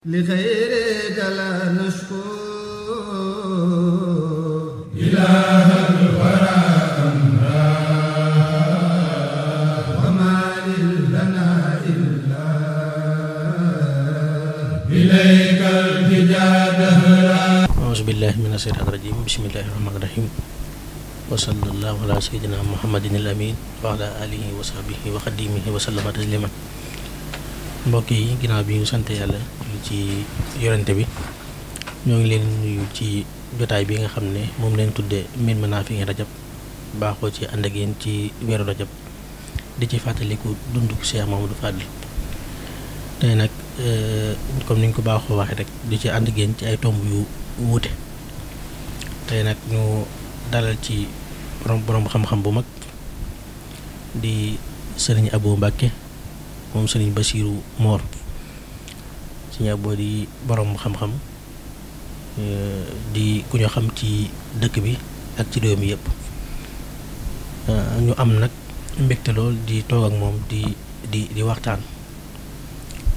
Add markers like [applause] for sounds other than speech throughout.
لغيرك لا نشكو إله الورى أمرا وما لنا إلا إليك التجا دهرا أعوذ بالله من الشيطان الرجيم بسم الله الرحمن الرحيم وصلى الله على سيدنا محمد الأمين وعلى آله وصحبه وخديمه وسلم تسليما mbokk yi ginnaaw bi ñu sant yàlla ñu ci yorante bi ñoo ngi leen nuyu ci jotaay bi nga xam ne moom leen tuddee mbir mën naa fi ngeen rajab baaxoo ci ànd ak yéen ci weeru rajab di ci fàttaliku dundu Cheikh Mamadou Fadil tey nag euh, comme ni ñu ko baaxoo waxee rek di ci ànd ak ci ay tomb yu wuute tey nag ñu dalal ci borom borom xam-xam bu mag di sëriñ Abou Mbacke mom serigne basirou mor sëriñ Abo di borom xam-xam ya, di ku ñu xam ci dëkk bi ak ci réew mi yëpp ñu am nak mbégte lool di toog ak mom di di di waxtaan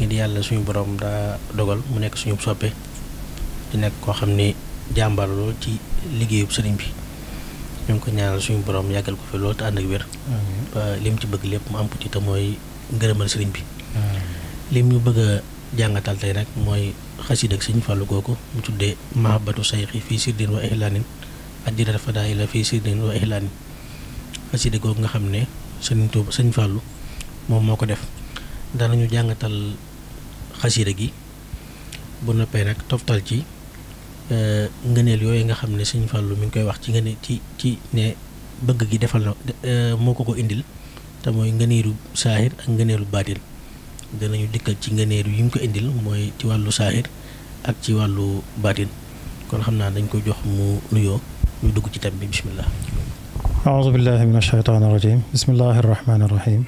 di yalla suñu borom da dogal mu nekk suñu soppé di nekk ko xamni jambar lo ci liggéeyu serigne bi ñu ko ñaanal suñu borom yagal ko fi lool ta and ak wër ba lim ci bëgg lepp mu am ko ci te ngërëmal sëriñ bi lim ñu bëgg jangatal tay tey moy mooy xasiid ak sëñ Fallou kooku mu tuddé mahabbatu shaykhi fi sirdin wa ihlanin adira fadaila fi sirdin wa ihlaanin xasiid gog nga xamné ne tu Tuuba fallu mom moko def ko def jangatal jàngatal gi bu noppé nag toftal ci e, ngeenel yoy nga xamné ne fallu mi ngi koy wax ci ngëneel ci ci ne bëgg gi defal na euh ko ko indil te mooy ngëneelu saahir ak ngëneelu baatin danañu dikkal ci ngëneelu yi mu ko indil mooy ci wàllu saahir ak ci wàllu baatin kon xam naa dañ ko jox mu nuyoo ñu dugg ci tam bi bismillah أعوذ بالله من الشيطان الرجيم بسم الله الرحمن الرحيم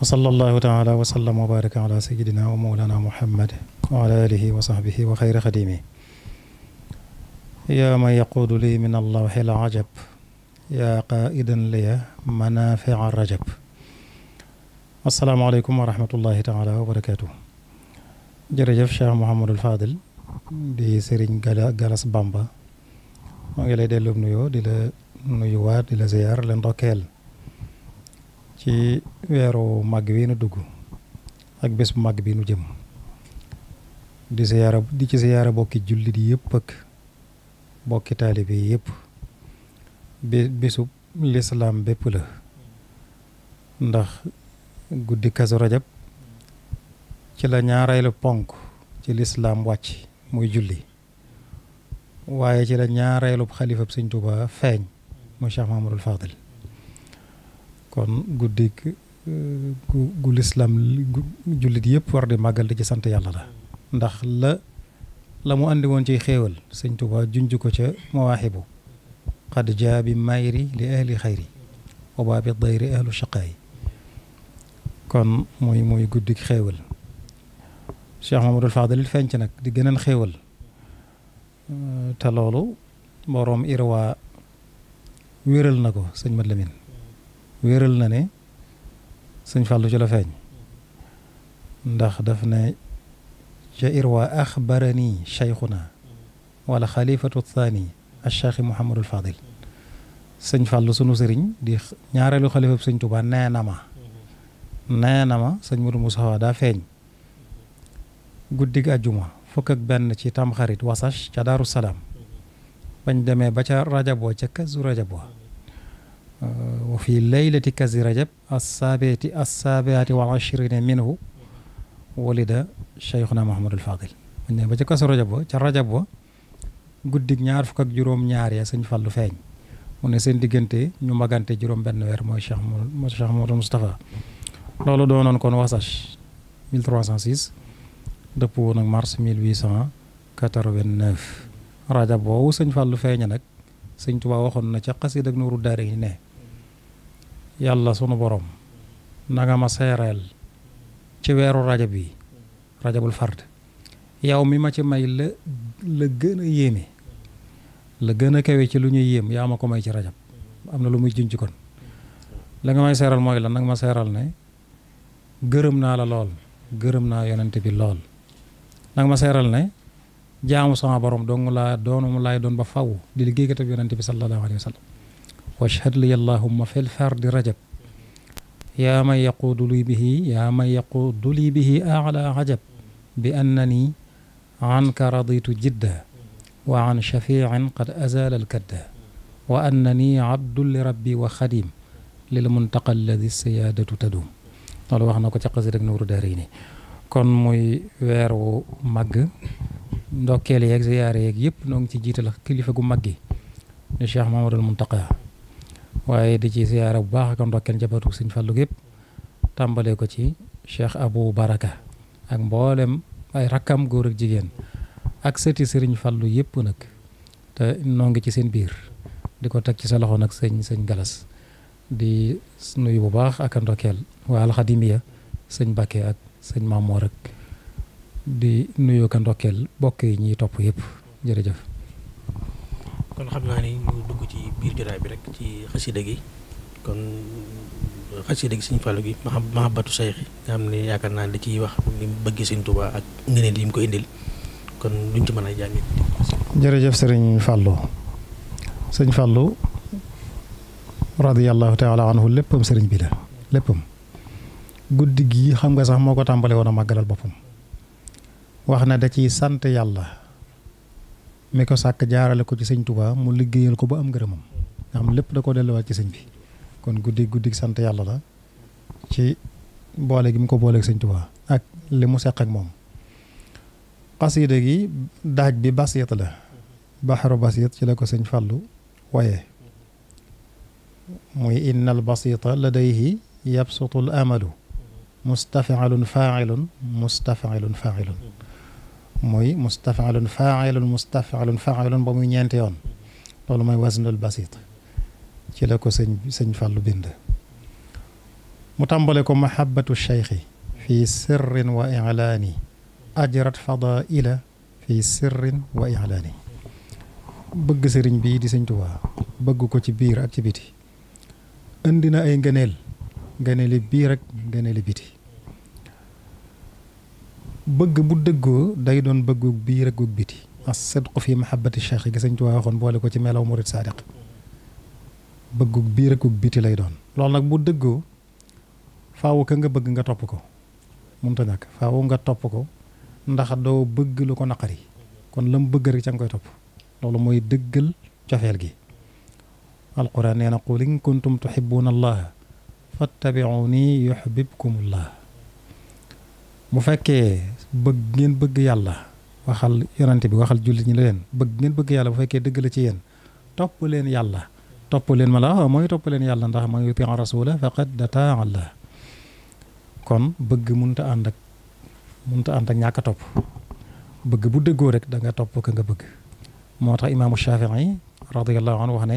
وصلى الله تعالى وسلم وبارك على سيدنا ومولانا محمد وعلى آله وصحبه وخير خديمه يا من يقول لي من الله العجب يا قائدا لي منافع الرجب السلام عليكم ورحمة الله تعالى وبركاته جرجف شاه محمد الفاضل دي سيرين غالاس بامبا مانغي لاي ديلو نويو ديلا نويو وات ديلا زيار لين دوكيل تي ويرو ماغ وينا دوغو اك بيس ماغ بي نو جيم دي زياره دي سي زياره بوكي جولي دي ييبك بوكي طالبي ييب bi bisub lislaam bépp la ndax guddi kasu rajab ci la ñaareelu ponk ci lislaam wàcc muy julli waaye ci la ñaareelu xalifa sëñ Tuuba feeñ mu Cheikh Mahamadul Fadil kon guddi gu lislaam jullit yëpp war di màggal di ci sant yàlla la ndax la la mu andi woon ci xéewal sëñ Tuuba junj ko ca mawaaxibu قد جاء بمايري لأهل خيري وباب الضير أهل شقاي كان موي موي قدك خيول شيخ محمد الفاضل الفانتنك دي جنن خيول أه، تلولو بروم إروا ويرل نكو سنج مدلمين ويرل نني سنج فالو جلا فاني ndax daf ne ca irwa akhbarani shaykhuna wala khalifatu Cheikh Mouhamadul Fadil sëñ Fallou sunu sëriñ di ñaareelu xalifa bi sëñ Touba nee na ma nee na ma sëñ Modou daa feeñ guddig ajjuma fukk ak benn ci tamxarit wasas ca Daaru Salaam bañ demee ba ca rajaboo ca wa fi laylati rajab assaabeeti assaabeati wa ashrina minhu walida Cheikhuna Mouhamadul Fadil bañ demee ba ca kazu rajaboo ca rajaboo guddig ñaar fukk ak juróom-ñaar ya sëñ Fallu feeñ mu ne seen diggante ñu magante juróom-benn weer mooy Cheikh mooy Cheikh Mouhamadou Moustapha loolu doonoon kon wasach 1306 dëpp woon ak mars 1889 rajab boobu sëñ Fallu feeña nag sëñ Tuubaa waxoon na ca xasida ak Nuuru Daarayni ne yàlla sunu borom nanga ma seereel ci weeru rajab bi rajabul fard yow mi ma ci may la la gën a yéeme la gën a kawe ci lu ñuy yéem yaa ma ko may ci rajab am na lu muy junj kon la nga may seeral mooy la nag ma seeral ne gërëm naa la lool gërëm naa yonente bi lool nag ma seeral ne jaamu sama borom dong laa doonum laay doon ba faw di liggéeykatab yonente bi sallallahu alayhi wa sallam washhad li allahumma fil fardi rajab yaa man yaquudu li bihi yaa man yaquudu li bihi ala rajab bi annani عنك رضيت جدا وعن شفيع قد أزال الكدا وأنني عبد لربي وخديم للمنتقى الذي السيادة تدوم loolu wax na ko ca xasida ak Nuuru Daarayni kon muy weer wu màgg ndokkeel yeeg ziyaare yeeg yëpp noo ngi ci jiital kilifa gu mag gi di Cheikh Mamadou Muntaqa waaye di ci ziyaare bu baax ak ndokkeel njabootu Sëñ Fallu gépp tàmbalee ko ci Cheikh Abou Baraka ak mboolem ay rakam goor ak jigen ak sëti serigne fallu yep nak te noo ngi ci seen bir diko tak ci sa loxo nak serigne serigne Galas di nuyu bu baax ak wa al alxadimiya serigne bakay ak serigne mamour ak di nuyu ak ndokkeel bokk yi top yep jere jef kon xam naa ni mu dugg ci bir jotaay bi rek ci xasida gi kon xasi gi seigne Fallou gi mahabbatu sayxi nga am ni yakar na li ci wax ni bëgg seigne Touba ak ngëneel yi ko indil kon luñ ci mën a jere jërëjëf seigne Fallou seigne Fallou radiyallahu taala anhu leppum seigne bi la leppum guddi gi xam nga sax moko ko wona woon bopum màggalal wax na da ci sante yalla mi ko sak jaarale ko ci seigne Touba mu liggéeyal ko ba am ngërëmam am lepp da ko wat ci seigne bi kon guddi guddi sant yàlla la ci boole gi mu ko booleeg seigne touba ak li mu sekk ak mom qasida gi daaj bi basiyat la bahru basiyat ci la ko seigne Fàllu waye muy innal basita ladayhi yabsutu al amal مستفعل فاعل مستفعل فاعل موي مستفعل فاعل مستفعل فاعل بومي ñeenti yoon loolu mooy wasnul basit ci la ko sëñ sëñ Fàllu bind mu tàmbale ko mahabbatu shaykhi fi sirrin wa i'lani ajrat fadaila fi sirrin wa i'lani bëgg sëriñ bi di sëñ tuba bëgg ko ci biir ak ci biti andina ay ngëneel ngëneeli biir ak ngëneeli biti bëgg bu dëggoo day doon bëggug biir ak biti as sadq fi mahabbati shaykhi gi tuba Tuubaa waxoon boole ko ci melaw mourid sadiq bëgg biir akug biti lay doon lool nak bu dëggoo faawu ka nga bëgg nga top ko mënta ñàkk faawu nga top ko ndax do bëgg lu ko nakari kon lam bëgg rek ca nga koy topp loolu mooy dëggal gi alquran nee qul in kuntum tuhibbuna allah fattabi'uni yuhbibkumullah mu fekke bëgg ngeen bëgg yalla waxal yonante bi waxal jullit ñi leen bëgg ngeen bëgg yalla bu fekke dëgg la ci yeen top leen yalla topulen mala moy topulen yàlla ndax ma yuti rasula faqad data alla kon bëgg munta ànd ak munta ànd ak ñaka top topp bëgg bu deggo rek da nga top ka nga bëgg motax imam Shafii radiyallahu anhu wax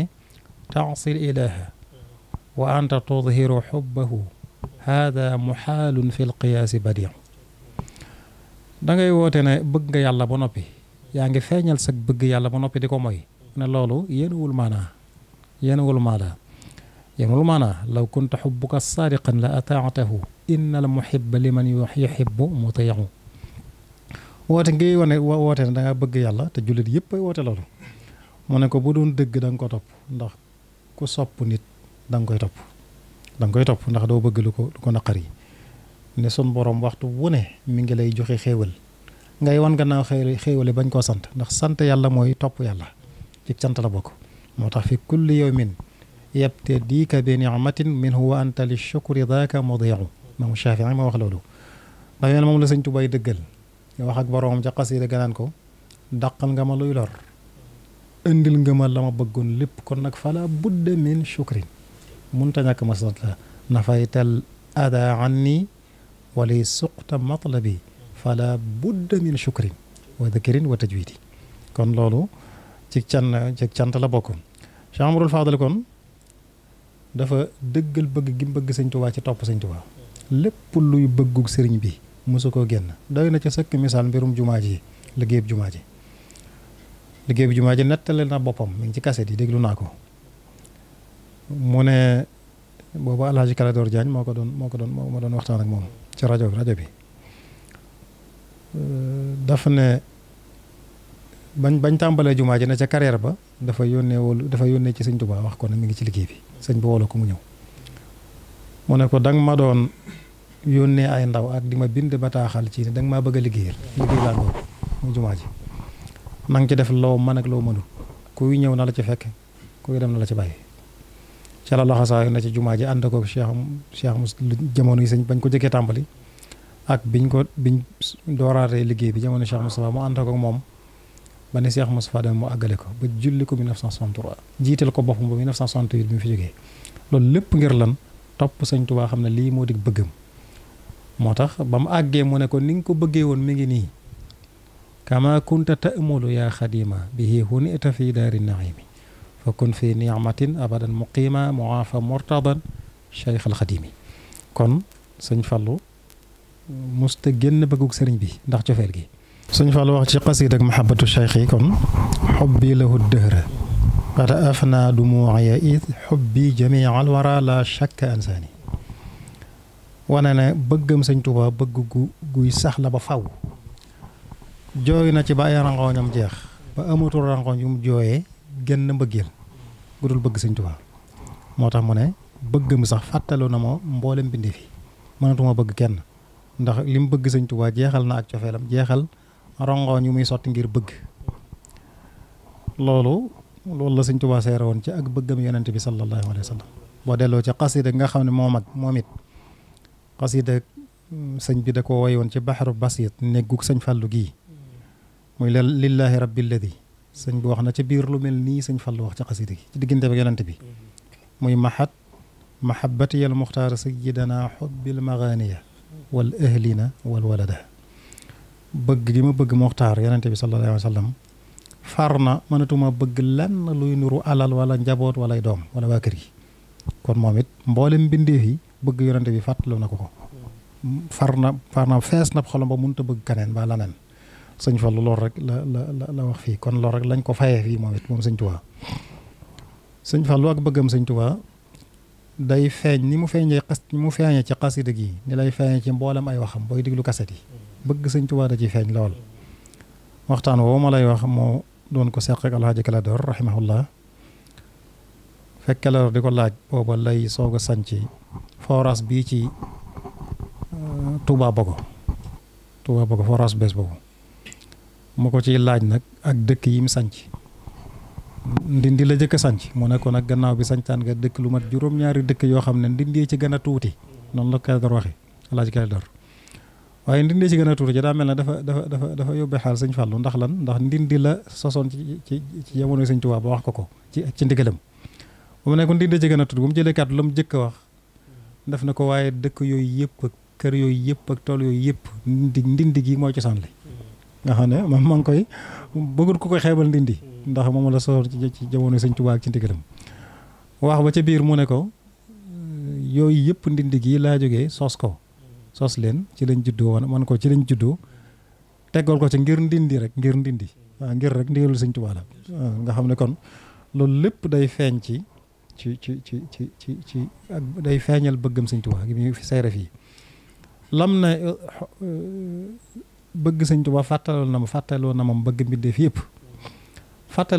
ta'sil ilaha wa anta tudhiru hubbahu hada muxaalun fi lqiyaasi badi da ngay wote ne bëgg nga yàlla ba nopi ya nga feñal sa bëgg yàlla ba nopi diko moy ne lolu yéenuwul maanaa ينوي المعنى ينوي المعنى لو كنت حبك صادقا لأطاعته إن المحب لمن يحب مطيع woote ngi wane woote ne da ngaa bëgg yàlla te jullit yëpp ay woote loolu mu ne ko bu doon dëgg da nga ko topp ndax ku sopp nit da nga koy topp da nga koy topp ndax doo bëgg lu ko lu ko naqar yi ne sun borom waxtu wu ne mi ngi lay joxe xéewal ngay wan gannaaw xéewale bañ koo sant ndax sant yàlla mooy topp yàlla ci sant la bokk معطى في كل يوم يبتديك بنعمة من هو أنت للشكر ذاك مضيع ما هو شافعي ما هو وخلوله بعدين ما ملصق أنت بعيد الجل يا واحد برهم جقص إذا جلانكو دقق الجمال يلر عند الجمال لما بقول لب كنك فلا بد من شكر منتجك مصدر نفيت الأذى عني ولي سقط مطلبي فلا بد من شكر وذكر وتجويد كن لولو ci can ci cant la bokk Cheikh Amadou Fadal kon dafa dëggal bëgg gi bëgg sëñ Tuubaa ci topp sëñ Tuubaa lépp luy bëggug sëriñ bi mosu koo génn doy na ca sëkk misaal mbirum jumaa ji liggéey bi jumaa ji liggéey bi jumaa ji nettali na boppam mu ngi ci kaset yi déglu naa ko mu ne boobu Alhaji Kalador Diagne moo ko doon moo ko doon moo doon waxtaan ak moom ci rajo bi rajo bi daf ne bañ bañ tàmbalee jumaa ji na ca carrière ba dafa yónnee wolu dafa yónnee ci sëñ Tuubaa wax ko mu mi ngi ci liggéey bi sëñ bi ko mu ñëw mu ne ko danga ma doon yónnee ay ndaw ak di ma bind bataaxal ci ne danga maa bëgg a liggéeyal liggéey laa ngoog mu jumaa ji na nga ci def loo mën ak loo mënul kuy ñëw na la ci fekk kuy dem na la ci bàyyi ca la loxo saa na ci jumaa ji ànd ko Cheikh Cheikh Moussa jamono bañ ko jëkkee tàmbali ak biñ ko biñ liggéey bi jamono Cheikh Moussa mu ànd ko moom bané Cheikh Moustapha Deme mo agalé ko ba julli ko 1963 jital ko boppam ba 1968 bi mu fi jogé loolu lépp ngir lan top seigne touba xam li mo moo bëggum motax bam aggé mo ne ko ni ko bëggé won mi ngi ni kama kunta ta'mulu ya khadima bihi huni hunita fi an-na'im fa kun fi ni'matin abadan muqima muafa murtadan cheikh al khadimi kon seigne fallo musta génn bëgguk seigne bi ndax cofeel gi سن فال واخ سي قصيدك محبه الشيخي كون حبي له الدهر قد افنى دموعي اذ حبي جميع الورى لا شك انساني وانا انا بغم سن توبا بغ غوي صح جوي نا سي باي رانغو نيم جيخ با اموتو رانغو نيم جوي ген مبغيل غودول بغ سن موتا مو ني بغم صح فاتلو نما مبولم بيندي في مانتوما بغ كين ndax lim bëgg señ touba jéxal na ak ciofelam jéxal rongo ñu muy sotti ngir bëgg loolu loolu la seigne touba séré won ci ak bëggam yonent bi sallallahu alayhi wasallam bo delo ci qasida nga xam ne moo mag moom it xasida bi da ko woy woon ci baxaru basit néggug seigne fàllu gi muy lillahi rabbil ladhi seigne bi wax na ci bir lu mel ni seigne fàllu wax ci qasida ci diggante ba yonent bi muy mahat mahabbati al mukhtar sayidana hubbil maghaniya wal ahlina wal walada bëgg gi ma bëgg muxtaar yonente bi sallallahu alayhi wasallam farna far bëgg lenn luy nuru alal wala njaboot wala doom wala waa kon momit mbolim bindé mbindeef yi bëgg yonente bi fatlo nako ko farna far na far na na xolam ba mënut bëgg kanen ba lanen señ fa lool rek la la la wax fi kon lool rek lañ ko fayé fi momit mom señ tuwa señ fa lool ak bëggam señ tuwa day feñ ni mu feeñee xas ni mu feeñee ci qasida gi ni lay feeñee ci mbolam ay waxam boy diglu bëgg sëñ Tuubaa da ci feeñ lool waxtaan woo ma lay wax moo doon ko seq ak alxaaji Kalador rahimahullah fekk Kalador di ko laaj booba lay soog a sanc forage bii ci Touba Bogo Touba Bogo forage bees boobu mu ko ciy laaj nag ak dëkk yi mu sanc ndindi la jëkk a sanc mu nekkoon ak gannaaw bi sancaan nga dëkk lu mat juróom-ñaari dëkk yoo xam ne ndindee ci gën a tuuti noonu la Kalador waxe alxaaji Kalador waaye ndindi ci gën a tuuti ci daa mel ne dafa dafa dafa dafa yóbbe xaal sëñ Fallou ndax lan ndax ndindi la sosoon ci ci jamono sëñ Tuubaa ba wax ko ko ci ci ndigalam bu mu ne ko ndindi ci gën a tuuti mu jëlee kàddu la jëkk wax def na ko waaye dëkk yooyu yëpp ak kër yooyu yëpp ak tool yooyu yëpp ndindi ndindi gi mooy cosaan li nga xam ne ma ngi koy bëggul ku koy xeebal ndindi ndax moom la sosoon ci jamono sëñ Tuubaa ak ci ndigalam wax ba ca biir mu ne ko yooyu yëpp ndindi gi laa jóge soos ko sos len ci len juddo won man ko ci len juddo teggol ko ci ngir ndindi rek ngir ndindi ngir rek ndigalul seigne touba la nga xamne kon lolou lip day feñ ci ci ci ci ci ci ci day feñal beugum seigne touba gi fi seere fii lam na eh, eh, bëgg sëñ Tuubaa fàttaloo na ma fatalo na ma beug mbindeef fi yep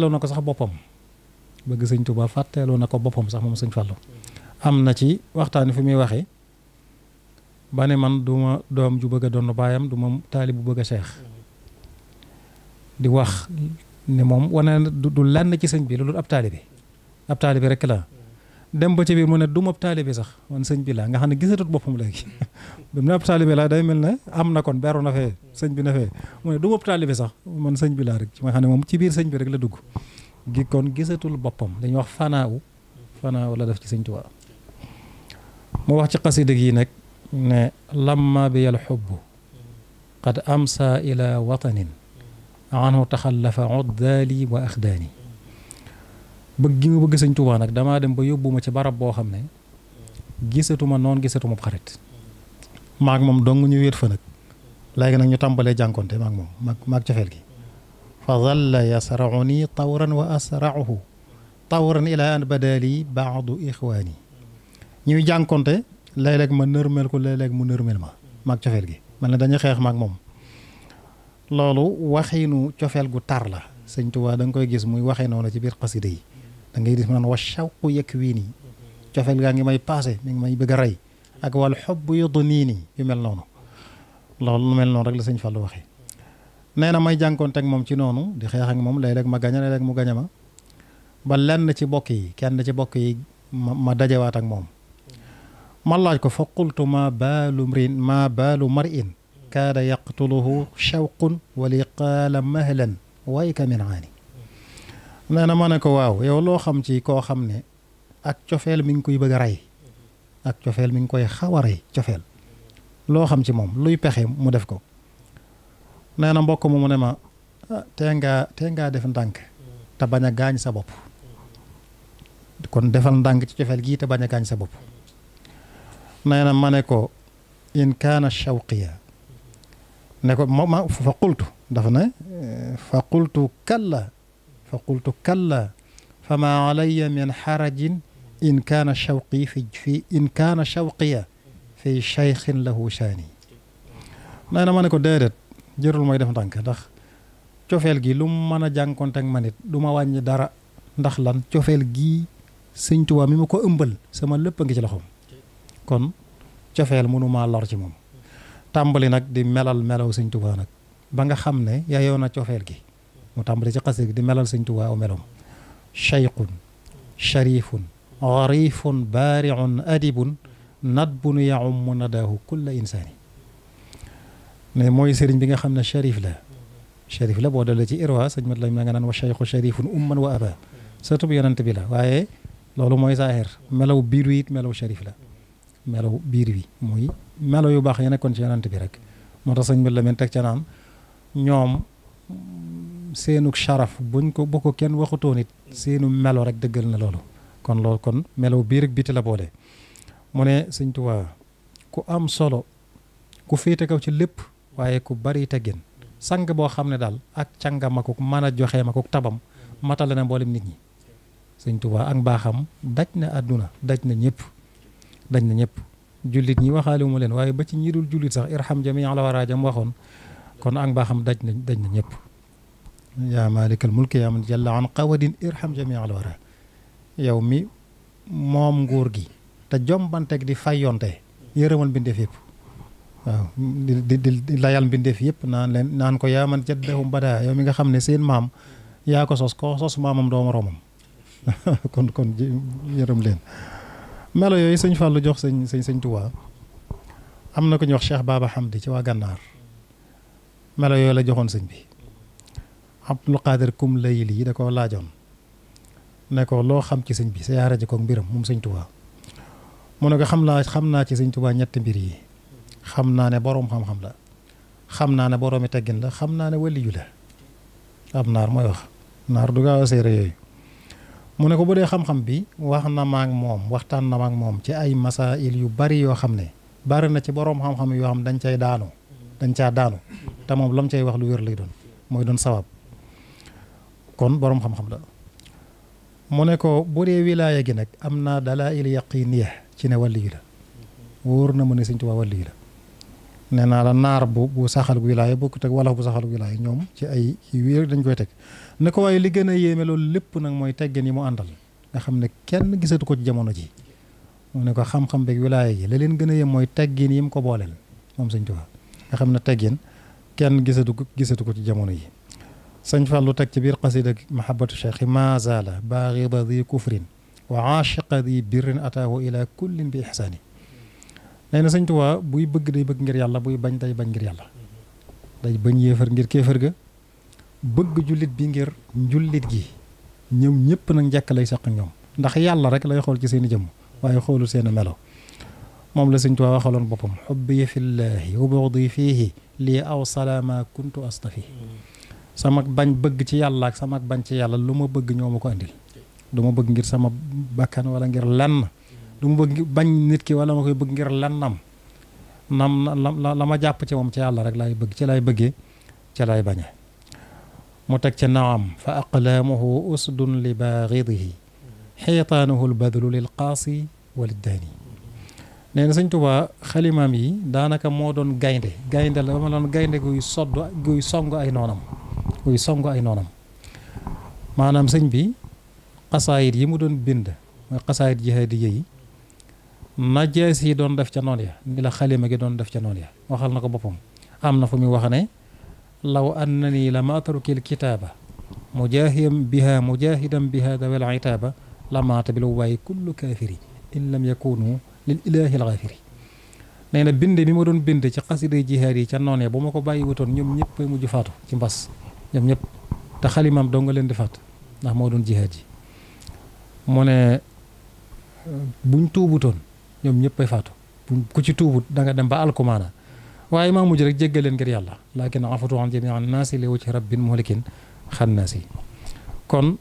na nako sax bopam beug seigne touba fàttaloo nako bopam sax mom seigne fallo amna ci waxtani fu mi waxe ba ne man du ma doom ju bëgg a doon baayam du ma taalib bu bëgg a seex di wax ne moom wane du lenn ci sëñ bi loolu ab taalibi ab taalibi rek la dem ba ci biir mu ne du ma ab taalibi sax man sëñ nga xam ne gisatut boppam léegi [laughs] bi mu laa day mel ne am na kon beru na sëñ bi na fee du ma ab sax man sëñ bi laa rek ma xam ne moom ci biir sëñ bi rek la dugg gi kon gisatul boppam dañuy wax fanaaw fanaaw la def ci sëñ Tuubaa mu wax ci xasida yi nag ne lamma biyal xubbu qad amsa ila watanin anhu taxallafa uddaali wa axdaani bëgg gi ma bëgg sëñ Tuubaa nag damaa dem ba yóbbu ma ci barab boo xam ne gisatuma noon gisatuma xarit maag moom dong ñu wéet fa nag léegi nag ñu tàmbalee jànkonte maag moom maag maag cofeel gi fa dalla yasrauni tawran wa asrauhu tawran ila an badali baadu ixwaani ñuy jànkonte léeg-léeg ma nërmeel ko léeg-léeg mu nërmeel ma maag cofeel gi man ne dañu xeex maag moom loolu waxiinu cofeel gu tar la sëñ Tuubaa da nga koy gis muy waxee noonu ci biir xasida yi da ngay gis mu naan wa shawqu yëkk wii nii cofeel gaa ngi may paase mi ngi may bëgg a rey ak wal xob yoddu nii nii yu mel noonu loolu lu mel noonu rek la sëñ Fallu waxee nee na may jànkoonteeg moom ci noonu di xeex ak moom léeg-léeg ma gaña léeg-léeg mu gaña ma ba lenn ci bokk yi kenn ci bokk yi ma dajewaat ak moom ma laaj ko fa qultu maa baalu mrin maa baalu mar in kaada yaqtuluhu shawqun wa li qaala mahlan wayka aani nee na ma ko waaw yow loo xam ci koo xam ne ak cofeel mi ngi koy bëgg a rey ak cofeel mi ngi koy xaw a rey cofeel loo xam ci moom luy pexe mu def ko nee na mbokk mu mu ne ma ah, tee ngaa tee ngaa def ndànk te bañ a gaañ sa bopp kon defal ndànk ci cofeel gii te bañ gaañ sa bopp nee na ma ne ko in kaana shawqiya ne ko ma ma fa qultu dafa ne fa qultu kalla fa qultu kalla fa min xarajin in kaana shawqi fi in kaana shawqiya fi cheykhin lahu shaani nee na ma ne ko déedéet mooy def ndànk ndax cofeel gi lum mu mën a jànkonte ak man it du ma wàññi dara ndax lan cofeel gi sëñ Tuubaa mi ma ko ëmbal sama lépp a ngi ci loxoom kon cofeel munu ma lor ci mom tàmbali nak di melal melaw seigne touba nak ba nga xamne ya yayoo na cofeel gi mu tàmbali ci xasse gi di melal seigne touba o melom shaykhun sharifun arifun bari'un adibun nadbun ya'um nadahu kull insan ne moy sëriñ bi nga xamne sharif la sharif la bo dal ci irwa seigne mat lay nga nan wa shaykhu sharifun umman wa aba surtout bu yonent bi la waye loolu moy zahir melaw biiru it melaw sharif la Melo biir wi muy melo yu bax ya nekkon ci yonent bi rek motax señ mbir la meen tek ci naan ñom seenug sharaf buñ ko bu ko kenn waxuto nit seenu melo rek deggal na lolu kon lolu kon melo biir ak biti la bolé ne tuwa ku am solo ku fete kaw ci lepp waye ku bari gen sang bo xamne dal daal ak cangam ak mana joxe joxeem ak tabam matale na mbolim nit ñi señ tuwa ak baxam daj na aduna daj na ñepp dañ na ñëpp jullit ñi waxaale mu leen waaye ba ci ñi dul jullit sax irham a la waraajam waxoon kon ak mbaaxam daj na daj na ñëpp yaa maalikal mulki yaa man jalla an qawadin irham jami la wara yow mi moom nguur gi te jombanteeg di fayonte yërëmal mbindeef yëpp waaw di di di layal mbindeef yëpp naan leen naan ko yaa man jaddahum badaa yow mi nga xam ne seen maam yaa ko sos koo sos maamam doomu romam [laughs] kon kon yërëm leen melo yooyu sëñ Fallou jox sëñ sëñ sëñ Touba am na ko ñu wax Cheikh Baba Hamdi ci waa Gànnaar melo yooyu la joxoon sëñ bi Abdul Qadir kum layli yi da ko laajoon ne ko loo xam ci sëñ bi siyaara ji ko mbiram moom sëñ Touba mu ne ko xam naa xam naa ci sëñ Touba ñetti mbir yi xam naa ne boroom xam-xam la xam naa ne boroomi teggin la xam naa ne waliyu la ab naar mooy wax naar du gaaw a séere yooyu mu ne ko bu dee xam-xam bi wax na ma moom waxtaan na moom ci ay masail yu bari yoo xam ne bari na ci boroom xam-xam yoo xam dañ cay daanu dañ caa daanu te moom lam cay wax lu wér lay doon mooy doon sawab kon boroom xam-xam la mu ne ko bu dee wilaaya gi nag am naa dalaa'il yaqiiniya ci ne wàlli la wóor na mu ne Sëñ Tuubaa wàlli la nee naa la naar bu bu saxal wilaaya bokkut ak wolof bu saxal wilaaya ñoom ci ay wii rek dañ koy teg na ko waaye li gën a yéeme loolu lépp nag mooy teggin yi mu àndal nga xam ne kenn gisatu ko ci jamono ji mu ne ko xam-xam beeg wilaaya yi la leen gën a yéem mooy teggin yi mu ko booleel moom sëñ Tuubaa nga xam ne teggin kenn gisatu ko gisatu ko ci jamono yi sëñ Fallu teg ci biir xasida mahabatu cheikhi mazala baarida di kufrin wa aachiqa di birrin ataahu ila kullin bi ihsaani nee na sëñ Tuubaa buy bëgg day bëgg ngir yàlla buy bañ day bañ ngir yàlla day bañ yéefar ngir kéefar ga bëgg jullit bi ngir njullit gi ñoom ñëpp nag njëkk lay saq ñoom ndax yàlla rek lay xool ci seen jëmm waaye xoolul seen i melo moom la sëñ Tuubaa waxaloon boppam xubbi fillaahi wa bughdi fiihi lii aw salaama kuntu astafi sama bañ bëgg ci yàlla ak sama bañ ci yàlla lu ma bëgg ñoo ma ko andil du ma bëgg ngir sama bakkan wala ngir lenn dum bëgg bañ nit ki wala ma koy bëgg ngir lennam nam la la ma jàpp ci mom ci yalla rek lay bëgg ci lay bëgge ci lay bañe mu tek ci naam fa aqlamuhu usdun li hitanuhu al lbadlu lil qasi wal dani neena na sëñ khalimam yi danaka mo doon gaynde gaynde la ma doon gaynde guy sodd guy song ay nonam guy song ay nonam manam sëñ bi qasayid yi mu doon bind qasayid jihadiyyi na jees yi doon def ca noon ya ni la xalima gi doon def ca noon ya waxal na ko boppam am na fu muy wax ne law annani lama atrukil kitaaba mujahidan biha mujahidan biha dawal itaaba lamaata bil waaye kullu kaafiri in lam yakunu lil ilaahi alxaafiri nee na bind bi ma doon bind ci xasida jihaad yi ca noonee bu ma ko bàyyi wutoon ñoom ñëpp ay mujj faatu ci mbas ñoom ñëpp te xalimaam doo nga leen di faat ndax moo doon jihaad yi mu ne buñ tuubutoon ñepp ñëppay faatu ku ci tuubut da nga dem ba alkumaana waye maa mujj rek jéggel leen ngir yalla lakin afatu an jami'an nas li wajhi rabbin muhlikin khannasi kon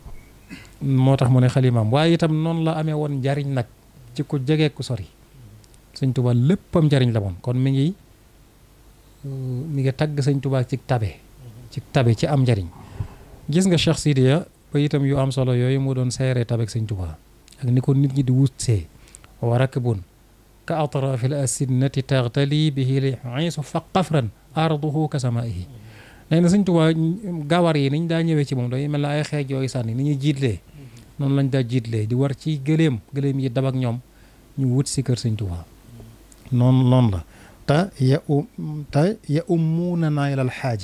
motax mo ne khalimam waye itam non la amé won jariñ nak ci ku jégué ku sori seigne touba leppam jariñ la won kon mi ngi mi ngi tag seigne touba ci tabé ci tabé ci am jariñ gis nga Cheikh Sidiya ba itam yu am solo yoy mu don séré tabé ak sëñ ak ni nit ñi di warak كأطراف الأسنة تغتلي به ريح عيس فقفرا أرضه كسمائه نحن سنت وعواري نجدا نجبي من دوي ملا أخي جوي ساني نجي جدلة نون لنجدا جدلة دوار شيء قلم قلم نيوم نود سكر سنت نون نون لا تا يا أم تا يا أمونا إلى الحاج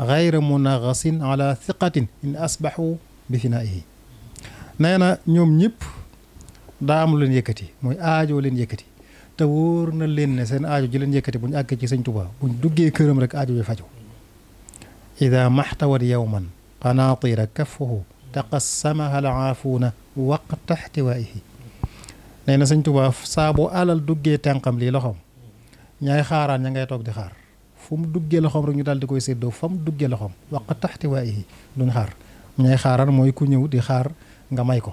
غير مناغص على ثقة إن أصبحوا بفنائه نحن نيوم نيب دام لين يكتي مي آجو لين يكتي te wóor na leen ne seen aajo ji leen yëkkati bu ñu àggee ci sëñ Tuubaa bu ñu duggee këram rek aajo bi faju ida maxtawat yowman qanaatira kafuhu taqassamaha al aafuuna waqta xtiwaayihi nee na sëñ Tuubaa saa bu alal duggee tànqam lii loxoom ñaay xaaraan ña ngay toog di xaar fu mu duggee loxoom rek ñu daal di koy séddoo fa mu duggee loxoom waqta xtiwaayihi duñ xaar ñaay xaaraan mooy ku ñëw di xaar nga may ko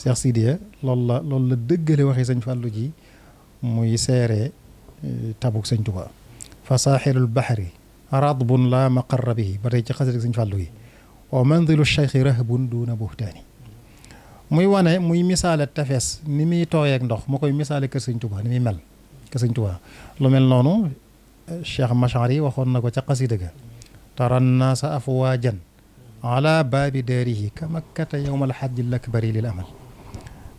Cheikh Sidiya loolu la loolu la dëggale waxee sëñ Fàllu ji muy seere tabuk sëñ Tuubaa fa saaxirul baxari radbun laa maqarra bihi ba tey ci xasida sëñ Fàllu yi wa manzilu cheikhi rahbun duuna buhtaani muy wane muy misaale tefes ni muy tooyee ak ndox mu koy misaale kër sëñ Tuubaa ni muy mel kër sëñ Tuubaa lu mel noonu cheikh machar yi waxoon na ko ca xasida ga tarannaasa afwaajan ala baabi daarihi kamakkata yowmal xajjil akbari lil amal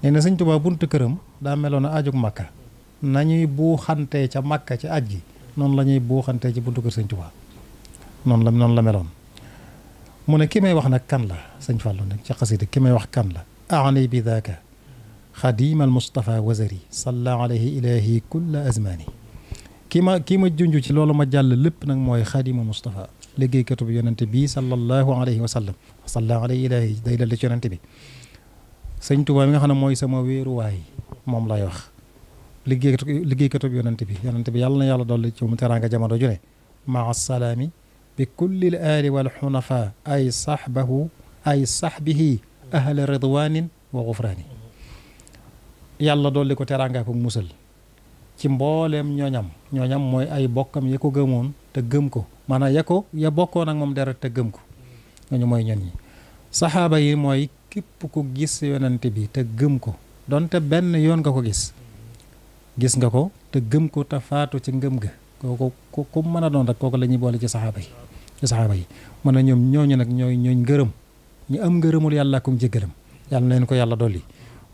nee na sëñ Tuubaa buntu këram daa meloon na ajug Makka nañuy buuxantee ca Makka ci aj gi noonu la ñuy buuxantee ci buntu kër sëñ Tuubaa noonu la noonu la meloon mu ne ki may wax nag kan la sëñ fàllu nag ci xasida ki may wax kan la aani bi daaka al Mustafa wazari salla alayhi ilahi kulla azmani ki ma ki ma junj ci loolu ma jàll lépp nag mooy al Mustafa liggéeykatu katub yonente bi sallallahu alayhi wa sallam salla alayhi ilahi day dal ci yonente bi sëñ Tuubaa mi nga xam ne mooy sama wéeruwaay moom lay wax liggéeykatu liggéeykatu yonent bi yonent bi yàlla na yàlla dolli ci mu teraanga jamono ju ne maa salaami bi kulli l aali wal xunafa ay saxbahu ay saxbihi ahla ridwanin wa gufraani yàlla dolli ko teraanga ko musal ci mbooleem ñooñam ñooñam mooy ay bokkam ya ko gëmoon te gëm ko maanaam ya ko ya bokkoon ak moom deret te gëm ko ñooñu mooy ñoon ñi saxaaba yi mooy képp ku gis yonent bi te gëm ko donte benn yoon nga ko gis gis nga ko te gëm ko te faatu ci ngëm ga kooku ku ku mën a doon rek kooku la ñuy boole ci saxaaba yi ci saxaaba yi mën na ñoom ñooñu nag ñooy ñooy ngërëm ñu am ngërëmul yàlla kum ci gërëm yàlla na leen ko yàlla dolli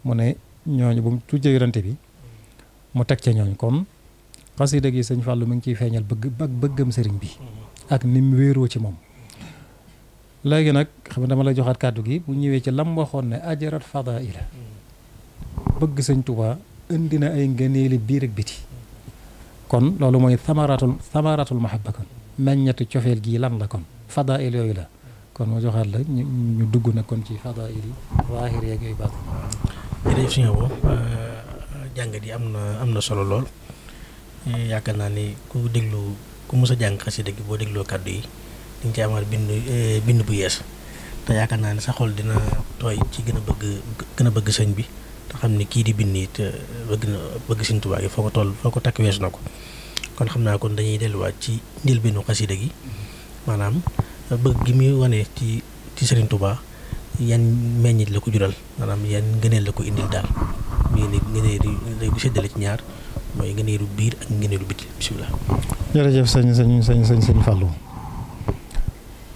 mu ne ñooñu bu mu tujjee yonante bi mu teg ca ñooñu kon xasida gi sañ Fallou mu ngi ci feeñal bëgg ak bëggam sëriñ bi ak ni mu wéeroo ci moom. léegi nag xam ne dama lay joxaat kàddu gi bu ñëwee ci lam waxoon ne ajarat fadaila bëgg sëñ Tuubaa اندينا اي غنيل بيرك بيتي كون لولو موي ثمرات ثمرات المحبه كون مانيتو تيوفيل جي لان لا كون فضائل يولا كون مو جوخال لا ني دوغ نا كون سي فضائل ظاهر يا غي باط ديريف سي هو جانغدي امنا امنا سولو لول ياكنا ني كو ديغلو كو موسا جانغ خاسي ديغ بو ديغلو كادو يي دي نتي امار بين بين بو ياس تا ياكنا ني سا خول دينا توي سي غنا بëgg غنا بëgg سيغ بي xamni ki di bindi te bëgg na bëgg Sëriñ tuba yi foko ko toll foo ko takk wees na kon xam naa kon dañuy delluwaat ci njëlbeenu qasida gi manam bëgg gi mi wone ci ci Sëriñ tuba yeen meññit la ko jural manam yeen ngëneel la ko indil mi ni ne di lay ko séddale ci ñaar moy mooy ngëneelu biir ak ngëneelu biti bismillah jërëjëf sëñ sëñ sëñ sëñ sëñ Fallou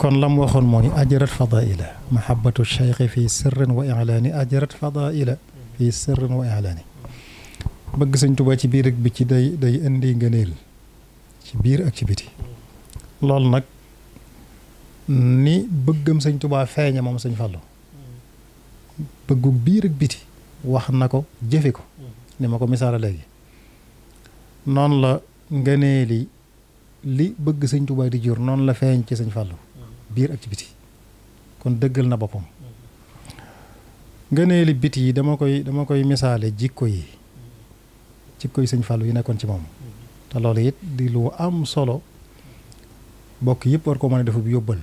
kon lam waxoon mooy ajrat fadaila mahabatu cheikh fi sirrin wa ilaani ajrat fadaila fii sirrin wa i'laani bëgg sëñ Tuubaa ci biir ak bi ci day day indi ngëneel ci biir ak ci biti loolu nag ni bëggam sëñ Tuubaa feeña moom sëñ Fallu bëggug biir ak biti wax na ko jëfe ko ni ma ko misaala léegi noonu la ngëneeli li bëgg sëñ Tuubaa di jur noonu la feeñ ci sëñ Fallu biir ak ci biti kon dëggal na boppam ngëneeli bit yi dama koy dama koy misaale jikko yi jikko yi sëñ Fallou yi nekkoon ci moom te loolu it di lu am solo bokk yëpp war koo mën a def bu yóbbal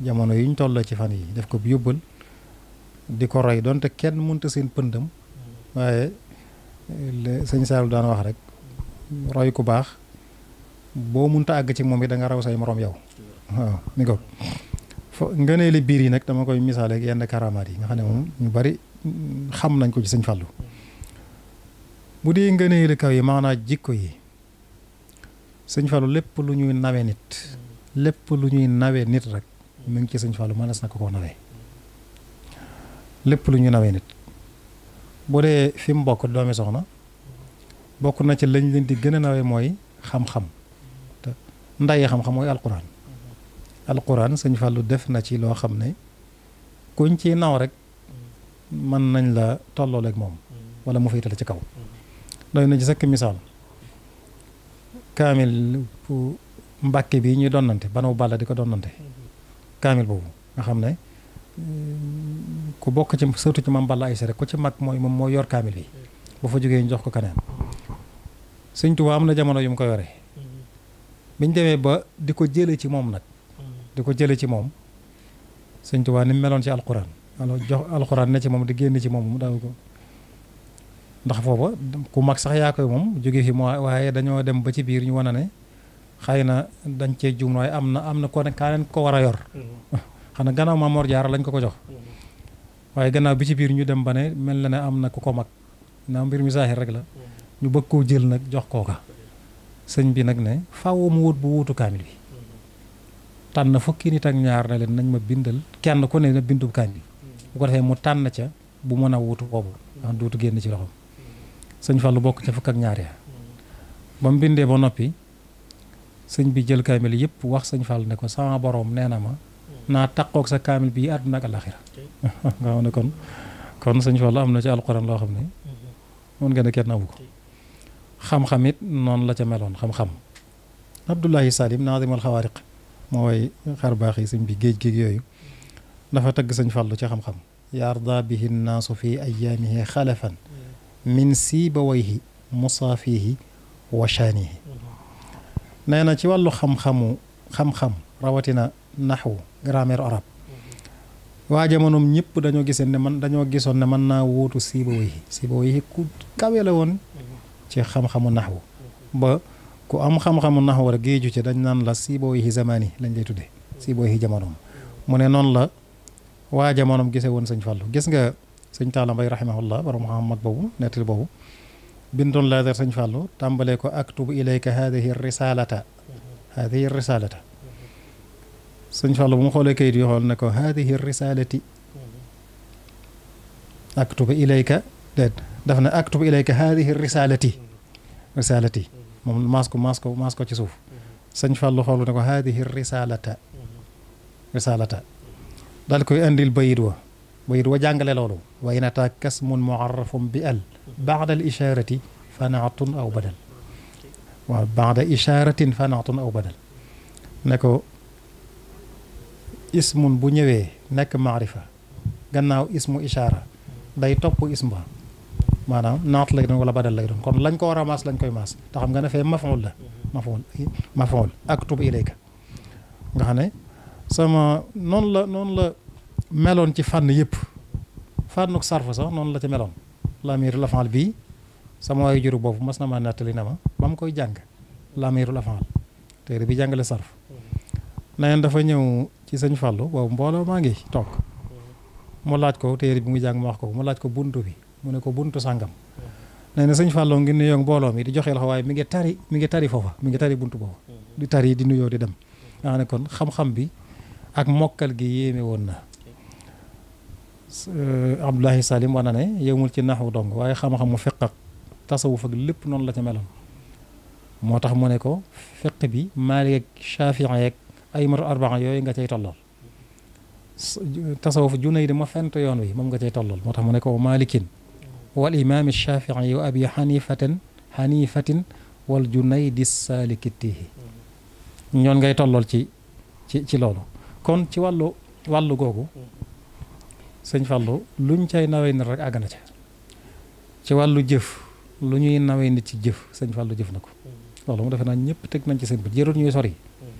jamono yi ñu toll ci fan yi def ko bu yóbbal di ko roy donte kenn mënta seen pëndam waaye sëñ Saalum daan wax rek roy ku baax boo mënta àgg ci moom it danga raw say moroom yow mi ko fo ngëneeli biir yi nag dama koy misaale ak yenn karamaat yi nga xam ne moom ñu bari xam nañ ko ci sëñ Fallou bu dee ngëneeli kaw yi maanaa jikko yi sëñ Fallou lépp lu ñuy nawe nit lépp lu ñuy nawe nit rek mu ngi ci sëñ Fallou mënees na ko koo lépp lu ñuy nawee nit bu dee fi mu bokk doomi soxna bokk na ci lañ leen di gën a nawe mooy xam-xam te ndaye xam-xam mooy alquran alquran sëñ Fallou def na ci loo xam ne kuñ ci naw rek mën nañ la tolloo ak moom wala mu féetale ci kaw doy na ci sëkk misaal kaamil bu mbàkke bi ñuy donnante banaw bàlla di ko donnante kaamil boobu nga xam ne ku bokk ci surtout ci mam balla ay rek ku ci mag mooy moom moo yor kaamil bi ba fa jógee ñu jox ko kaneen sëñ Tuubaa am na jamono yu mu ko yore biñ demee ba di ko jële ci moom nag di ko jële ci moom sëñ waa ni meloon ci alxuraan alors jox alxuraan ne ci moom di génn ci moom mu daal ko ndax foofa ku mag sax yaa koy moom jóge fi mu waaye dañoo dem ba ci biir ñu wane ne xëy na dañ cee jum am na am na ko ne ko war a yor mm-hmm. xanaa gannaaw Maam Mor Jaara lañ ko ko jox mm-hmm. waaye gannaaw bi ci biir ñu dem ba ne mel na ne am na ku ko mag naa mbir mi saaxir rek la mm-hmm. ñu bëgg koo jël nag jox kooka sëñ bi nag ne faaw mu wut bu wutu kaamil bi tànn fukki nit ak ñaar ne leen nañ ma bindal kenn ku ne na bindub kaamil bu ko defee mu tànn ca bu mën a wutu boobu ndax dootu génn ci loxoom sëñ Fallou bokk ca fukk ak ñaar ya ba mu bindee ba noppi sëñ bi jël kaamil yëpp wax sëñ Fallou ne ko sama borom nee ma naa taqoog sa kaamil bii àdduna ak alaxira [laughs] nga xam ne kon kon sëñ Fallou am na ci alxuraan loo xam ne mën nga ne kenn a ko xam-xam noonu la ca meloon xam-xam Abdullahi Salim naazimal xawaariq moo way xar baax yi sa bi géej géej yooyu dafa tagg sañ Fallu ci xam-xam yarda bihi nnaasu fi ayaamihi xalafan min siiba wayhi musaafihi wa shaanihi nee na ci wàllu xam-xamu xam-xam rawatina naxwu grammaire arabe waa jamonoom ñëpp dañoo giseen ne man dañoo gisoon ne mën naa wootu siiba wayhi siiba wayhi ku kawe woon ci xam-xamu naxwu ku am xam-xamu nax war a géeju ci dañ naan la si boo yi zamani lañ lay tuddee si boo yi jamonoom mu ne noonu la waa jamonoom gisee woon sëñ Fallou gis nga sëñ Talla Mbaye rahimahullah borom Muhammad boobu nettali boobu bindoon laajal sëñ Fallou tàmbalee ko aktubu ilayka hadihi risalata hadihi risalata sëñ Fallou bu mu xoolee kayit yi xool ne ko hadihi risalati aktubu ilayka déet na aktubu ilayka hadihi risalati moom maas ko maas ko maas ko ci suuf sëñ Fallou xool ne ko haadihi risalata risalata daal koy andil bayit wa bayit wa jàngale loolu wa inata kasmun muarrafun bi al baada al isharati fanaatun aw badal waaw baada isharatin fanaatun aw badal ne ko ismun bu ñëwee nekk maarifa gannaaw ismu ishaara day topp ismu maanaam naat lay doon wala badal lay doon kon lañ ko war a maas lañ koy maas te xam nga ne fee mafool la mhm. mafool mafool ak tub ilayka nga xam ne sama noonu la noonu meloon ci fànn yëpp fànnuk sarf sax noonu la ci meloon laamirul na na ma ba la koy jàng laamirul afaal téere bi jàngale sarf mhm. neen dafa ñëw ci sëñ Fallou boobu mbooloo maa ngi toog mhm. mu laaj ko téere bi mu jàng ma wax ko mu laaj ko buntu bi mu ne ko buntu sàngam nee na seigne fallo ngi nuyoo mbolo mi di joxe loxo waaye mi ngi tari mi ngi tari fofa mi ngi tari buntu boobu di tari di nuyoo di dem nga ne kon xam-xam bi ak mokkal gi yeme won na Abdoulahi Salim wana ne yewul ci nahwu dong waye xam xam mu fiqh tasawuf ak lépp non la ci melam motax tax mu ne ko fiqh bi malik ak shafi'i ak ay mar arbaa yoy nga cay tollal tasawuf junay ma fent yoon wi mom nga cay tollal motax tax mu ne ko malikin wal imaami shafii wa abi xanifatin xanifatin wal junaydi saalikitihi ñoon ngay tollool ci ci ci kon ci wàllu wàllu googu sëñ Fallou luñ cay nawee nit rek àgg na ca ci wàllu jëf lu ñuy nawee nit ci jëf sëñ Fallou jëf na ko loolu mu defe naa ñëpp teg nañ ci seen bët jërul ñuy sori mm-hmm.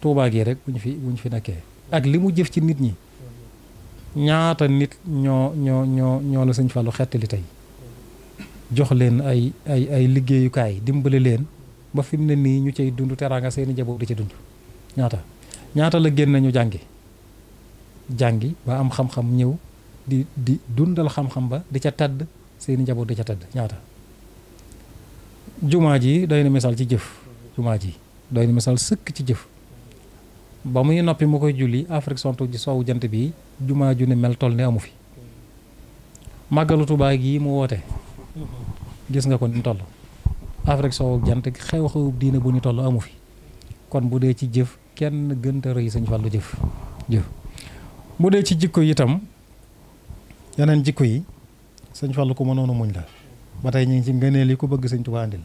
tuubaa gi rek bu ñu fi bu ak li mu jëf ci nit ñi ñaata nit ñoo ñoo ñoo ñoo la sëñ Fallou xettali tey jox leen ay ay liggéeyukaay dimbali leen ba fi mu ne nii ñu cay dund teraanga seen i jaboot di ci dund ñaata ñaata la génn ñu jàngi jàngi ba am xam-xam ñëw di di dundal xam-xam ba di ca tàdd seeni njaboot di ca tedd ñaata jumaa ji doy na misaal ci jëf jumaa ji doy na misaal sëkk ci jëf ba muy noppi mu koy julli Afrique sontu ci soowu jant bii jumaa ju ne mel toll ne amu fi màggalu Tuubaa gii mu woote gis nga ko ni toll Afrique soowu jant xew xew diine bu ñu toll amu fi kon bu dee ci jëf kenn gënta rëy Sëñ Fallu jëf jëf bu dee ci jikko yi itam yeneen jikko yi Sëñ Fallu ku mënoonu muñ la ba tey ñu ngi ci ngëneel yi ku bëgg Sëñ Tuubaa andil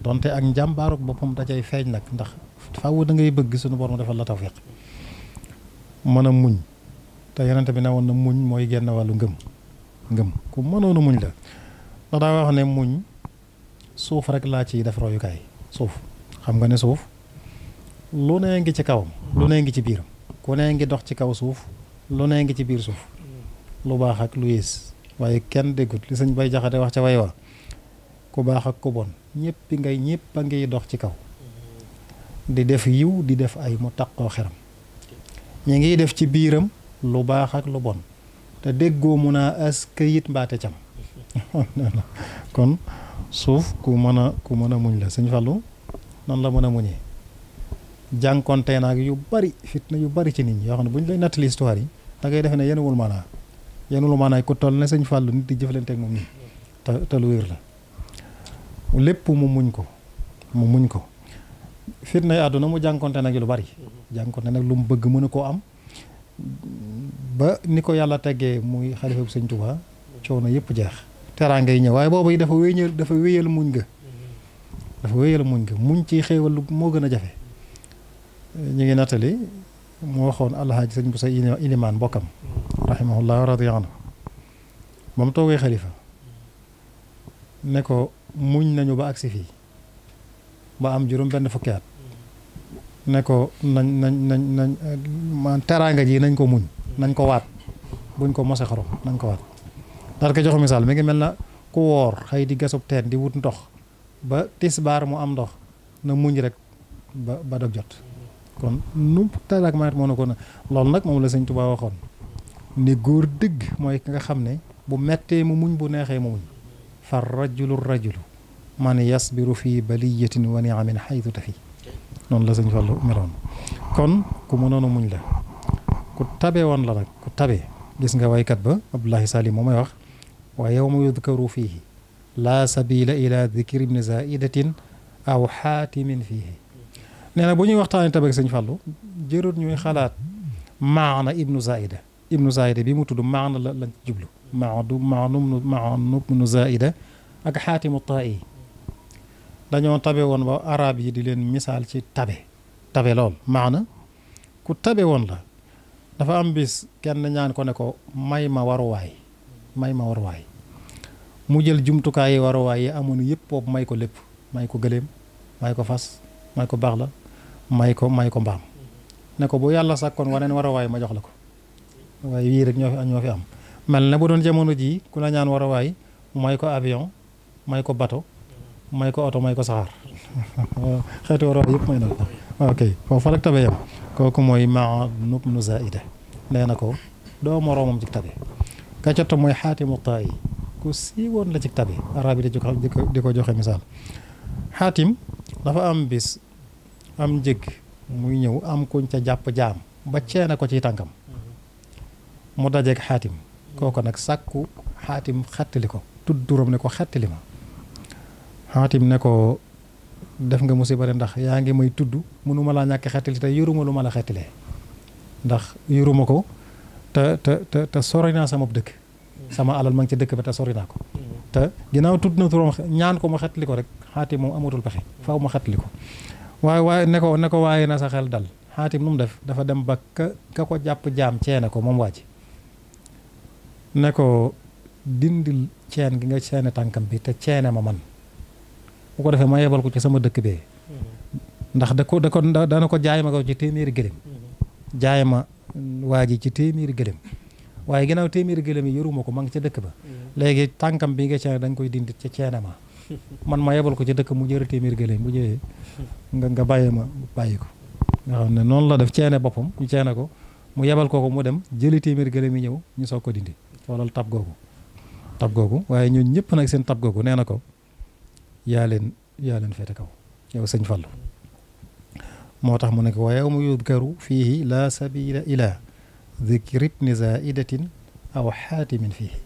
donte ak njàmbaarug boppam dajay feeñ nag ndax faaw da ngay bëgg suñu borom defal la tawfiq mën a muñ te yonente bi ne woon na muñ mooy genn wàllu ngëm ngëm ku mënoon a muñ la ndax daa wax ne muñ suuf rek laa ciy def royukaay suuf xam nga ne suuf lu nee ngi ci kawam lu nee ngi ci biir ku nee ngi dox ci kaw suuf lu nee ngi ci biir suuf lu baax ak lu yées waaye kenn déggut li sëñ bay jaxate wax ca way wa ku baax ak ku bon ñëpp ngay ñëpp a ngiy dox ci kaw di def yiw di def ay mu taqoo xeram ñu ngi def ci biiram lu bax ak lu bon te deggo mun [laughs] a as këyit mbaate kon suf ku mana ku mana muñ la señ fallu nan la yu bari fitna yu bari ci nit ñi yoo xam ne hari. lay nattali histoire yi da ngay def ne yenuul wul yenuul mana wul maanaa toll ne señ fallu nit di jëflante ak mom ni ta lu wër la lepp mu muñ ko mu muñ ko fitnay àdduna mu jànkonte nag lu bari jànkonte nag lu mu bëgg mënu koo am ba ni ko yàlla teggee muy xalifa bu sëñ Tuubaa coono yëpp jeex teraanga yi ñëw waaye boobu yi dafa wéyal dafa wéyal muñ nga muñ ci xéewal lu moo gën a jafe ñu ngi nattali mu waxoon alxaaji sëñ bu sa ilimaan mbokkam rahimahullah ba mu toogee xalifa ne ko muñ nañu ba agsi fii ba am juróom benn fukki at ne ko nañ nañ nañ nañ teraanga ji nañ ko muñ nañ ko waat buñ ko mos a nañ ko waat daal ko jox misaal mi ngi mel na ku woor xëy di gasub teen di wut ndox ba tisbaar mu am ndox na muñ rek ba ba dog jot kon nu teraak manet moo na ko na loolu nag moom la sëñ Tuubaa waxoon ni góor dëgg mooy ki nga xam ne bu mettee mu muñ bu neexee mu muñ far rajulu rajulu man yasbiru fi baliyatin wa niamin xaytu tafi noonu la sëñ Fallu meloon kon ku mënoon a muñ la ku tabe woon la nag ku tabe gis nga waykat ba Abdullahi Salim moo may wax wa yowma yudkaru fiihi laa sabila ila dikri ibni zaidatin aw xaatimin fiihi nee na bu ñuy waxtaanee tabe ak sëñ Fallu jërut ñuy xalaat maana ibnu zaida ibnu zaida bi mu tudd maana la lañ jublu maanu maanu maanu ibnu zaida ak xaatimu taa yi dañoo tabe woon ba arab yi di leen misaal si tabe tabe lool maana ku tabe woon la dafa am bis kenn ñaan ko ne ko may ma waruwaay may ma waruwaay mu jël jumtukaay yi waruwaay yi amoon yëpp boobu may ko lépp may ko gëléem may ko fas may ko baax la may ko may ko mbaam ne ko bu yàlla sàkkoon waneen waruwaay ma jox la ko waaye yii rek ñoo fi am mel na bu doon jamono ji ku la ñaan waruwaay may ko avion may ko bato may ko oto may ko saxaar [laughs] xeeti waruwaay yëpp may na ko ok foofu tabe yam kooku mooy ma nub nu zaida nee na ko doo moroomam ci tabe ka mooy xaatimu taayi ku siiwoon la ci tabe araab yi di ko joxe misaal xaatim dafa am bis am njëg muy ñëw am kuñ ca jàpp jaam ba ceene ko ci tànkam mu dajeeg xaatim kooku nag sàkku xaatim xattali ko tudd ne ko xattali ma xaatim ne ko def nga musiba de ndax yaa ngi may tudd mënuma laa ñàkk xettali te yoruma lu ma la xettalee ndax yoruma ko te te te te sori naa sama dëkk sama alal ma ci dëkk ba te sori ko te ginnaaw tudd na turam ñaan ko ma xettali ko rek xaatim moom amatul pexe faaw ma xettali ko waaye waaye ne ko waaye na sa xel dal xaatim nu mu def dafa dem ba ka ka ko jàpp jaam ceene ko moom waaj ne dindil ceen gi nga ceene tànkam bi te ceene ma bu ko defee ma yebal ko ci sama dëkk bee ndax da ko da ko dana ko jaay ma ko ci téeméeri gëlëm jaay ma waa ji ci téeméeri gëlëm waaye ginnaaw téeméeri gëlëm yi yoruma ko ma ngi ca dëkk ba léegi tànkam bi nga cee da koy dindi ca ceenama man ma yebal ko ci dëkk mu jër téeméeri gëlëm bu jëwee nga nga bàyyi ma bàyyi ko noonu la def ceene boppam ñu ceene ko mu yebal ko ko mu dem jëli téeméeri gëlëm yi ñëw ñu soog ko dindi xoolal tab googu tab googu waaye ñun ñëpp nag seen tab nee na ko yaa leen yaa leen féete kaw yow sëñ Fallu moo tax mu nekk wa yawma yudkaru fiihi laa sabila ilaa dikri bni zaidatin aw xaatimin fiihi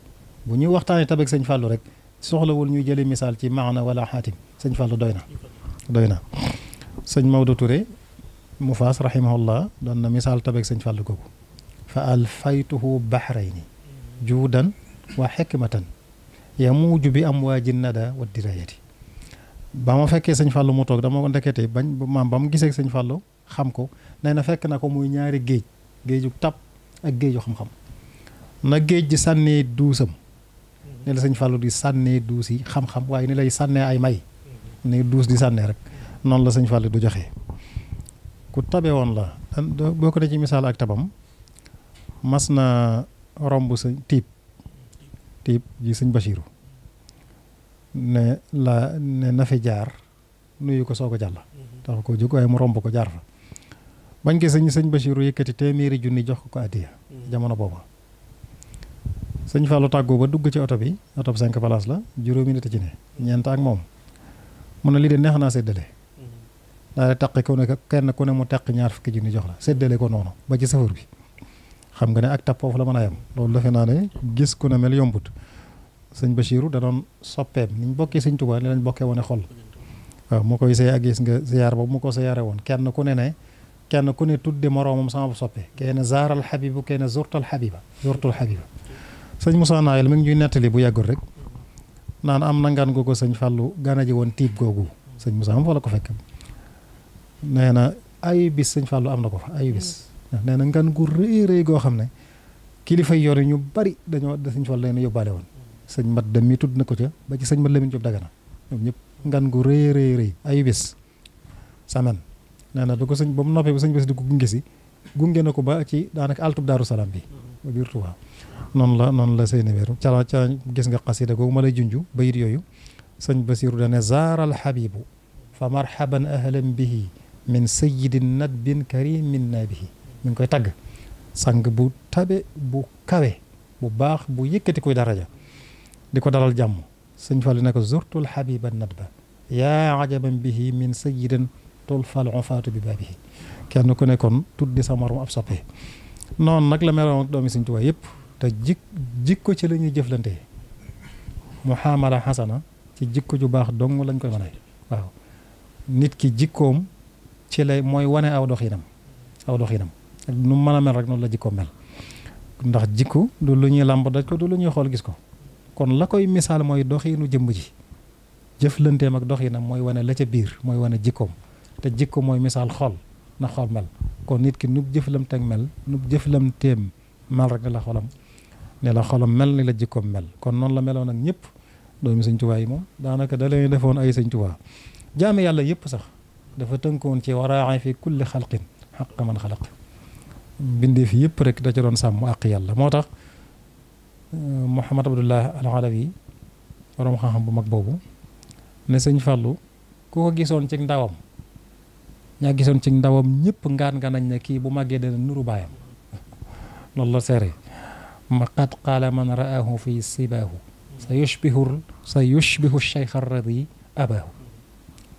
bu ñuy waxtaanee tabeg sëñ Fallu rek soxlawul ñuy jëlee misaal ci maana wala xaatim sëñ Fallu doy na doy na sëñ Maodo Touré mu faas rahimahullah doon na misaal tabeg sëñ Fallu googu fa alfaytuhu bahrayni juudan wa xikmatan yamuuju bi amwaaji nada wa dirayati ba ma fekkee sañ Fallou mu toog dama ko ndekete bañ maam ba mu gisee sëñ Fallou xam ko nee na fekk na ko muy ñaari géej géeju tab ak géeju xam-xam na géej ji sànnee duusam ne la sëñ Fallou di sànnee duus yi xam-xam waaye ni lay sànnee ay may ni duus di sànnee rek noonu la sëñ Fallou du joxe ku tabe woon la boo ko ci misaal ak tabam mas na romb sëñ tiib tiib ji sëñ Bachirou ne la ne na fi jaar nuyu ko soog a jàll. Mhm. tax ko jóg waaye mu romb ko jaar fa. bañ ko sëñ sëñ Bachirou yëkkati téeméeri junni jox ko ko addiya mhm. jamono booba. sëñ Fallou tàggoo ba dugg ci oto bi oto bi cinq place la juróomi nit ci ne. Mhm. ñeent ak moom mu na lii de neex naa séddale. daal di taqi ku ne kenn ku ne mu teq ñaar fukki junni jox la séddale ko noonu ba ci safar bi. xam nga ne ak tab la mën a yem loolu defe naa ne gis ku ne mel yombut. sëñ Bachirou da doon soppeem ni ñu bokkee sëñ Touba ni lañ bokkee woon xol waaw moo koy see ak woon kenn ku kenn ku ne tudde moroomam sama bu soppe kee ne zaaral xabibu kee ne zurtal xabiba zurtul xabiba sëñ Moussa Naayel mi ngi ñuy nettali bu yàggul rek na ngan googu sëñ Fallou gana ji woon tiib googu sëñ Moussa am fa la ko fekk nee na ayu bis sëñ Fallou am na ko fa ayu bis nee na ngan gu rëy rëy goo xam ne kilifa yor yu ñu bari dañoo sëñ Fallou leen yóbbaale woon sëñ mat dem mi tud nako ca ba ci sëñ mat Lamine job Dagana ñom ñep ngan gu rëy rëy rëy ay bes samen nana na ko sëñ ba noppé bu ba bes di ko gunge si gunge na ba ci danaka altub daru salam bi ba biir tuwa non la non la seen wéeru cha cha gis nga qasida googu ma lay junju bayit yoyu sëñ Basiru dane al habib fa marhaban ahlan bihi min sayyidin nadbin karim min nabih ngi koy tag sang bu tabe bu kawe bu baax bu yëkkati koy daraja ديكو دالال جام سيغ فالي نك زرت الحبيب الندبه يا عجبا به من سيد تلف العفات ببابه كان كون نكون تود اب سابي نون نك لا ميرون دومي سيغ توي ييب تا جيك جيكو سي لا نيو جيفلانتي محامله حسنه سي جيكو جو باخ دونغ لا نكوي ماناي واو نيت كي جيكوم سي لا موي واني او دوخينم او دوخينم نو مانا مل رك نون لا جيكو مل ndax jikko du lu lamb daj ko du lu ñuy gis ko kon la koy misal moy doxinu jëm ji jëflanteem ak doxina moy wone la ca bir moy wone jikkoom te jikko moy misal xol na xol mel kon nit ki nu tek mel nu tem mal rek la xolam ne la xolam mel ni la jikkoom mel kon non la meloon ak ñëpp doomi mi señtu way moom danaka da lay defoon ay señtu wa jami yàlla yep sax dafa tënkoon ci wara fi kulli khalqin haqqan man xalaq mbindeef yëpp rek da ca doon sam ak yàlla motax Mouhamad Abdullah al Alawi borom xam-xam bu mag boobu ne sëñ Fallou ku ko gisoon ci ndawam ñaa gisoon ci ndawam ñëpp ngaan nga nañ ne kii bu màggee dana nuru baayam loolu la seere ma qad qaala man ra'ahu fi sibaahu sa yushbihu sa yushbihu cheikh arradi abaahu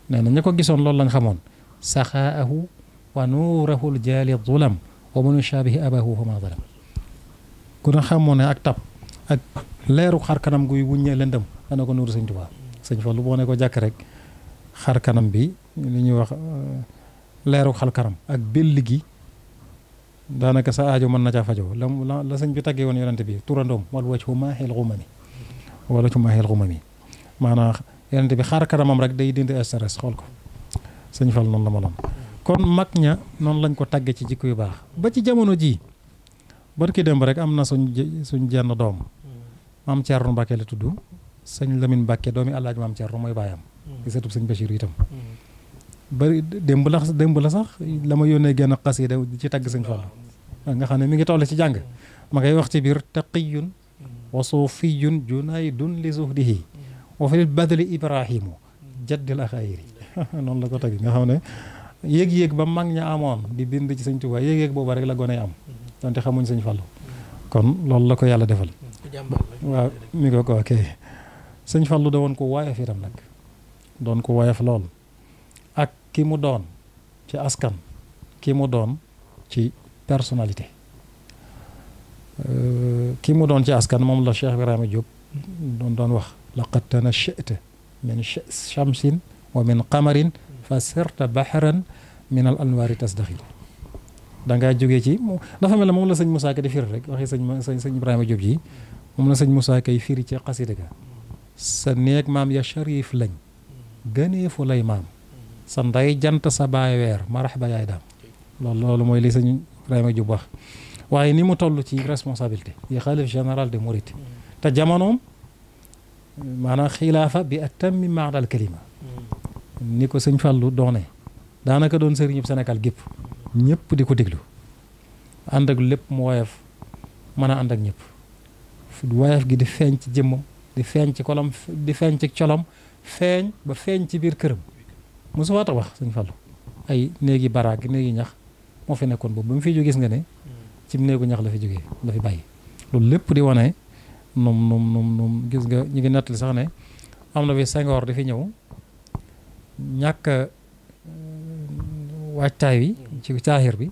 nee na ña ko gisoon loolu lañ xamoon saxaahu wa nuurahu ljaali zulam wa man yushabihi abaahu fa ma zalam ku ne xamoon ne ak tab ak leeru xar kanam guy wuññee lendam ana ko nuru sëñ Tuubaa sëñ Fallu ko jak rek xar kanam bi li ñuy wax euh, leeru xal kanam ak belli gi danaka sa aajo man na ca fajo la la bi tagge won yonent bi turandom wal wajhu maahil xumami wala ci hil xumami mana yonent bi xar kanamam rek day dindi stress xol ko sëñ Fallu non la kon maknya non noonu lañ ko tagge ci jikko yu bax ba ci jamono ji barki dem rek amna suñ jenn dom Mam Thierno Mbacke la tudd seigne Lamine Mbacke domi Alaaji maam Thierno moy bayam ci mm. setu seigne Bachir itam. Mm. bari demb la demb la sax lama yone gen qasida ci tag seigne Fall. Mm. nga xane mi ngi tole ci jang ma ngay wax ci bir taqiyun. wa sufiyun junaydun li zuhdihi. wa fil badli Ibrahimu. al axayri non la ko tag nga xam yeg yeg ba mag ña di bind ci seigne touba yeg yeg booba rek la gone am. donte xamuñ seigne fall kon lolou la ko yalla defal. waaw mi ngi ko ok sëñ Fallou da woon ko woyof itam nag doon ko woyof lool ak ki mu doon ci askan ki mu doon ci personnalité ki mu doon ci askan moom la Cheikh Ibrahima Diop doon doon wax laqad tanashata min shamsin wa min qamarin fa sirta bahran min al anwaari tasdaxil da ngaa jógee ci dafa mel ne moom la sëñ Moussa Ka di firi rek waxee sëñ sëñ Ibrahima Diop ji ومن سيد موسى كيفير تي قصيدك سنيك مام يا شريف لن غني فلاي مام سنداي جانت سباي وير مرحبا يا دام لول لول موي لي سيد ابراهيم جوب واخ واي ني مو تولو تي ريسبونسابيلتي يا خالف جنرال دي موريت تا جامانوم معنا خلافه باتم معنى الكلمه نيكو سيد فالو دوني danaka don serigne senegal gep ñepp diko deglu andak lepp mo wayef mana andak ñepp woyof gi di feeñ ci jëmmam di feeñ ci kolom di feeñ ci colom ba feeñ ci biir këram mosu fa tabax suñ fallu ay néegi baraag néegi ñax moo fi nekkoon boobu ba mu fi jóge gis nga ne ci néegu ñax la fi jógee la fi bàyyi loolu lépp di wane num num num num gis nga ñu ngi nettali sax ne am na bi Senghor di fi ñëw ñàkk euh, waajtaay wi ci caaxir bi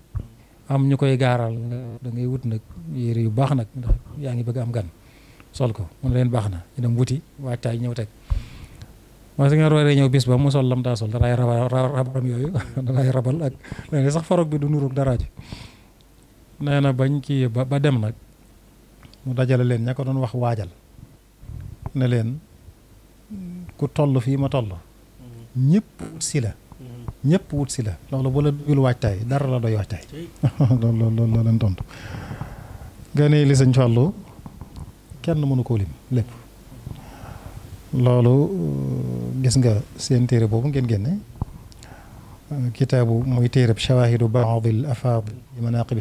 am ñu koy gaaral da ngay wut nag yére yu baax nag yaa ngi bëgg am gan sol ko mun leen baax na ñu dem wuti waajtaay ñëw teg mooy su ngeen rooree ñëw bis ba mu sol lam daa sol daraay rabaram yooyu [laughs] daraay rabal ak léegi sax forog bi du nuróog daraaju nee na bañ kii ba ba dem nag mu dajale leen ña ko doon wax waajal ne leen ku toll fii ma toll ñëpp wut la ñëpp wut la loolu bu la dul waajtaay dara la doy waajtaay [laughs] loolu loolu loolu leen tontu gane li sëñ kenn mënu koo lim lépp loolu euh, gis nga seen téere boobu ngeen génne euh, kitaabu muy téereb Shawaahidu Baadil Afaadil li Manaaqib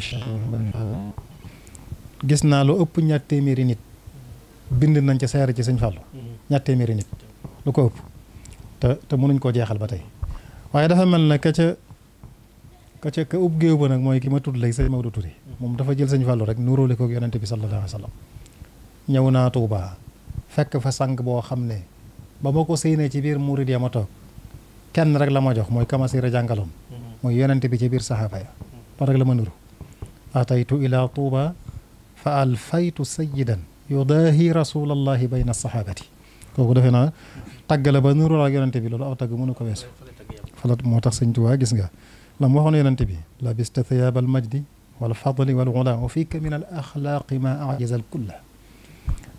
gis naa lu ëpp ñaar téeméeri nit bind nañ ca saara ci sëñ Fallou ñaar téeméeri nit lu ko ëpp te te mënuñ koo jeexal ba tey waaye dafa mel ne ka ka ca ka ub géew ba nag mooy ki ma tudd léegi sëñ Maodo Touré moom dafa jël sëñ Fallou rek nuróole ko yonente bi sallallahu alayhi wa sallam ñëw naa Touba fekk fa sang boo xam ne ba ma ko séenee ci biir murid ya ma toog kenn rek la ma jox mooy a jàngaloon mm-hmm. mooy yonente bi ci biir saxaaba rek la ma nuru ataytu ila Touba fa alfaytu sayyidan yudaahi rasulallahi bayna sahabati kooku defe naa tàgg la ba nuroo ak yonente bi loolu aw tàgg mënu ko weesu falat moo tax sëñ Tuubaa gis nga لم وهن ينتبه لبست ثياب المجد والفضل والغلام وفيك من الاخلاق ما اعجز الكل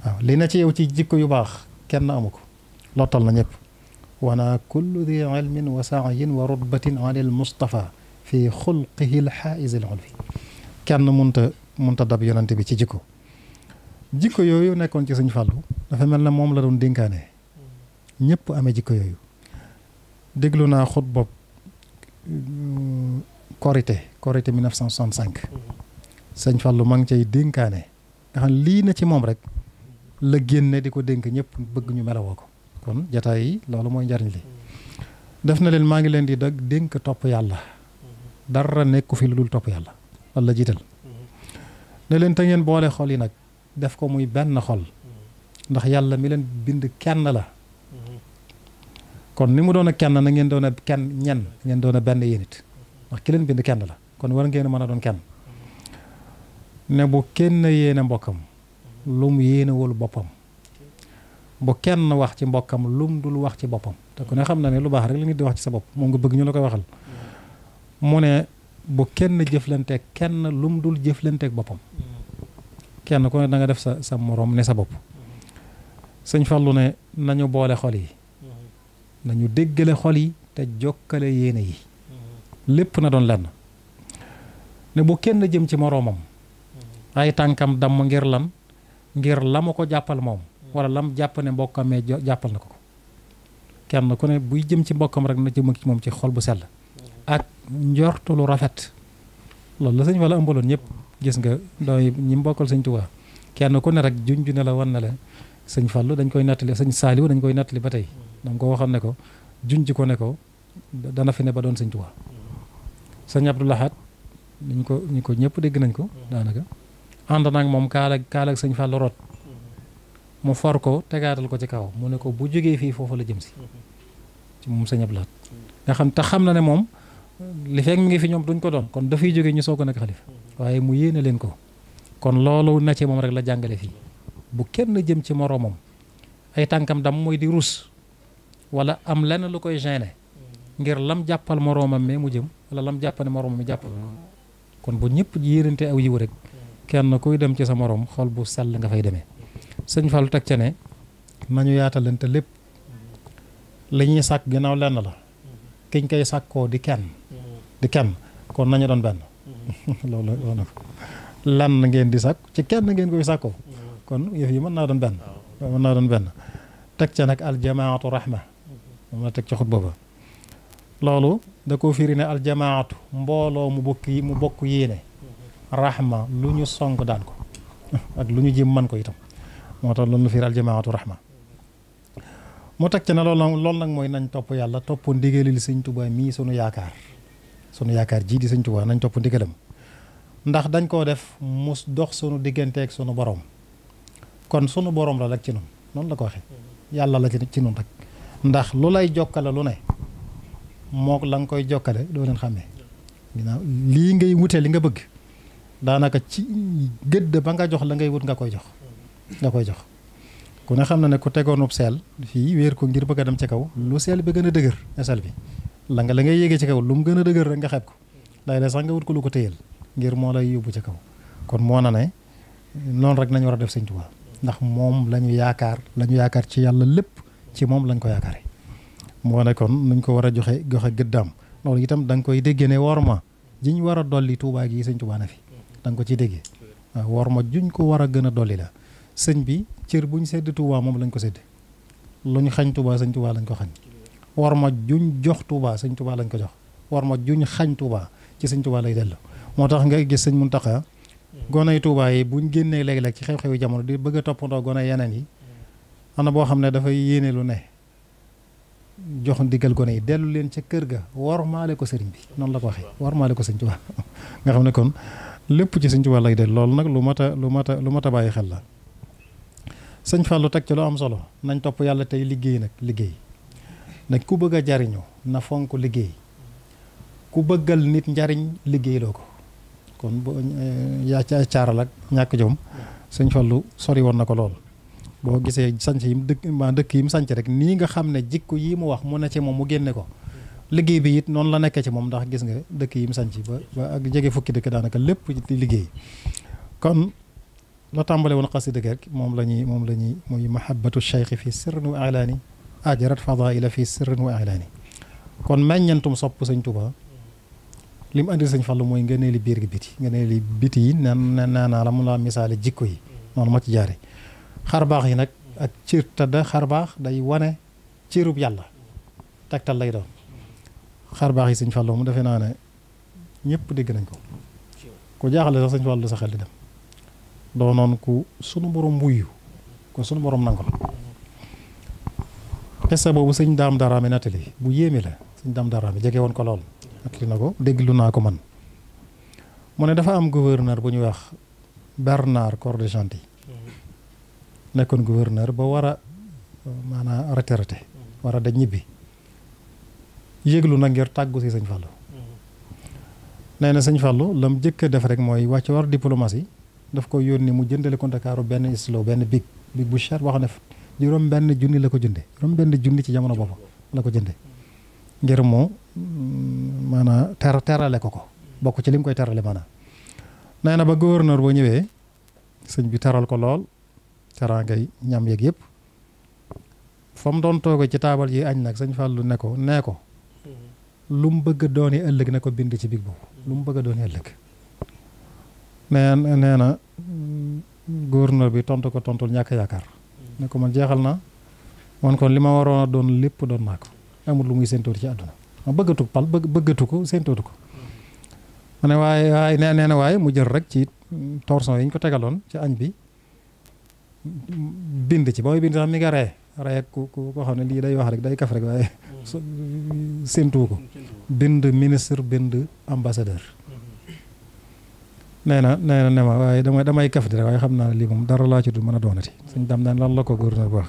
آه، لينا تي يوتي جيكو يباخ كان امكو لطل نيب وانا كل ذي علم وسعي ورتبة على المصطفى في خلقه الحائز العلوي كان منت منتدب ينتبه تي جيكو جيكو يويو نيكون تي سيني فالو دا فا ملنا موم لا دون دينكاني نيب امي جيكو يويو ديغلونا خطبه Euh, korité korité 1965 mhm. sëñ Fallou ma ngi cay dénkaane nga xam lii na ci moom rek la génne di ko dénk ñëpp bëgg ñu melawoo ko kon jataay yi loolu mooy njariñ li mhm. def na leen maa ngi leen di dag dénk topp yàlla mhm. dara nekku fi lu dul topp yàlla loolu la jiital ne leen te ngeen boole xol yi nag def ko muy benn xol ndax yàlla mi leen bind kenn la kon ni mu doon a kenn na ngeen doon a kenn ñenn ngeen doon a benn yéen it ndax ki leen bind kenn la kon war ngeen mën a doon kenn ne bu kenn yéene mbokkam lu mu yéenewul boppam bu kenn wax ci mbokkam lu mu dul wax ci boppam te ko ne xam na ne lu baax rek la nit di wax ci sa bopp moom nga bëgg ñu la koy waxal mu ne bu kenn jëflanteeg kenn lu mu dul jëflanteeg boppam kenn ku ne da def sa sa moroom ne sa bopp sëñ Fallu ne nañu boole xol yi nañu déggale xol yi te jokkale yéene yi lépp na doon lenn ne bu kenn jëm ci moroomam ay tànkam damm ngir lan ngir la ko jàppal moom wala lam jàpp ne mbokkam mee jàppal na ko kenn ku ne buy jëm ci mbokkam rek na jëm ci moom ci xol bu sell ak njortu rafet loolu la sëñ wala ëmbaloon ñëpp gis nga dooy ñi mbokkal sëñ Tuubaa kenn ku ne rek junj ne la wan na la sëñ Fallou dañ koy nettali sëñ Saliou dañ koy nettali ba tey danga ko waxoon ne ko junj ko ne ko dana fi ne ba doon sëñ Tuubaa sëñ Abdou Lahad ñu ko ñu ko ñëpp dégg nañ ko daanaka ànd naag moom kaala kaala sëñ Fallou rot mu for ko tegaatal ko ci kaw mu ne ko bu jógee fii foofu la jëm si ci moom sëñ Abdou Lahad nga xam te xam na ne moom li fekk mi ngi fi ñoom duñ ko doon kon dafay jógee ñu soog a nekk xalif waaye mu yéene leen ko kon loolu na bu kenn jëm ci moroomam ay tànkam dam mooy di rus wala am lenn lu koy gêné ngir lam jàppal moroomam mi mu jëm wala lam jàppal moroomam mi jàppal kon bu ñëpp yéerante aw yiw rek kenn kuy dem ci sa moroom xol bu sell nga fay demee sëñ Fallu teg ca ne nañu yaatalante lépp li ñuy sàkk ginnaaw lenn la kiñ koy sàkkoo di kenn di kenn kon nañu doon benn [laughs] loolu wax na ngeen di sàkk ci kenn ngeen koy sàkkoo kon yi mën naa doon benn mën naa doon benn teg ca nag aljamaatu rahma moom la teg ca xut booba loolu da koo firi ne aljamaatu mbooloo mu bokk mu bokk yéene mhm. rahma lu ñu song daan ko [laughs] ak lu ñu jëm man ko itam moo tax loolu la firi aljamaatu rahma mu teg ca loolu nag mooy nañ topp yàlla topp ndigalil sëñ Tuubaa mii sunu yaakaar sunu yaakaar jii di sëñ Tuubaa nañ topp ndigalam ndax dañ koo def mu dox sunu digganteeg sunu borom kon sunu borom la rek ci nun noonu la ko waxee yàlla la ci nun rek ndax lu lay jokkale lu ne moo la koy jokkale doo leen lii ngay wutee li nga bëgg daanaka ci gëdd ba nga jox la ngay wut nga koy jox koy jox ku ne xam na ne ku tegoonub seel fii wéer ko ngir bëgg dem ci kaw lu seel gën a dëgër esel bi la nga la ngay ci kaw lu mu gën a dëgër nga xeeb ko day lay sax ko lu ngir moo lay yóbbu ci kaw kon moo na ne noonu rek nañ war a def sëñ Tuubaa ndax moom la yaakaar la yaakaar ci yàlla lépp ci moom lañ ko yaakaare moo ne kon nuñ ko war a joxe joxe gëddaam loolu itam da nga koy déggee ne worma ji ñu war a dolli tuubaa gi sëñ Tuubaa na fi da ko ciy déggee waaw worma juñ ko war a gën a dolli la sëñ bi cër buñ sedd tuubaa moom lañ ko sedd lu ñu xañ tuubaa sëñ Tuubaa lañ ko xañ worma juñ jox tuubaa sëñ Tuubaa lañ ko jox worma juñ xañ tuubaa ci sëñ Tuubaa lay dellu moo tax ngay gis sëñ tax goney Touba bu ñu génnee léeg-léeg ci xew-xewi jamono di bëgg a toppandoo gone yeneen yi am na boo xam ne dafay yéene lu ne jox diggal gone yi dellu leen ca kër ga wormaale ko sëriñ bi noonu la ko waxee wormaale ko sëriñ Touba [laughs] nga xam ne kon lépp ci sëriñ Touba lay del loolu nag lu mat a lu mat a lu mat a bàyyi xel la sëñ lu teg ci lu am solo nañ topp yàlla tey liggéey nag liggéey nag ku bëgg a jariñu na fonk liggéey ku bëggal nit njariñ liggéeyloo ko kon bu eh, yaa ca ay caaral ak ñàkk jom sëñ Fallu sori woon na ko lool boo gisee sanc yi mu dëkk maa dëkk yi mu sanc rek nii nga xam ne jikko yi mu wax mu ne ci moom mu génne ko liggéey bi it noonu la nekkee ci moom ndax gis nga dëkk yi mu sanc ba ba ak jege fukki dëkk daanaka lépp di liggéey kon la tàmbale woon xasida rek moom la ñuy moom la ñuy muy mahabbatu cheikh fi sirrin wa alaani ajarat fadaila fi sirrin wa alaani kon meññentum sopp sëñ Tuubaa li mu andi sëñ mooy nga nee li biir gi biti nga nee li biti yi naan naanaa la mun laa misaale jikko yi hmm. noonu moo ci jaare xarbaax yi nag ak cër tëdda xarbaax day wane cërub yàlla tegtal lay doon xarbaax yi sëñ Fallu mu naa ne ñëpp nañ ko ku jaaxale sax sëñ Fallu sa xel di dem doo noon ku sunu borom wuyu ku sunu borom nangul xesa boobu sëñ daam daraami nattali bu yéeme la sëñ daam daraami jege woon ko lool ak li na ko man mu dafa am gouverneur bu wax Bernard Cordegentil nekkon gouverneur ba wara mana retraité wara da ñibbi na ngir taggu si seigne fallo nee na fallo lam la def rek moy wàcc war diplomatie daf ko yoni mu jëndele ko Ndakaaru ben islo ben big big bu cher boo xam ne juróom benn junni la ko jënde juroom benn junni ci jamono la ko jënde ngir moo maanaam ter terale ko ko bokk ci lim koy terale maanaam nee na ba gouverneur boo ñëwee sëñ bi teral ko lool teraangay ñam yeeg yëpp fa mu doon toogee ci taabal yi añ nag sëñ Fallou ne ko nee ko lu mu bëgg dooni ëllëg ne bind ci big boobu lu mu bëgg a dooni gouverneur bi tontu ko tontul ñàkk yaakaar ne man jeexal na man kon li doon lépp doon naa ko amul lu muy séntoor ci àdduna ma bëggatu pal bëggatu ko séntootu ko ma ne waaye waaye nee nee na waaye mu jël rek ci torsion yi ñu ko tegaloon ci añ bi bind ci ba muy bind sax mi nga ree ree ku ku koo xam ne lii day wax rek day kaf rek waaye séntuwu ko bind ministre bind ambassadeur nee na nee xam naa lii moom dara laa ci du mën a doonati suñ dam daan lan la ko gouverneur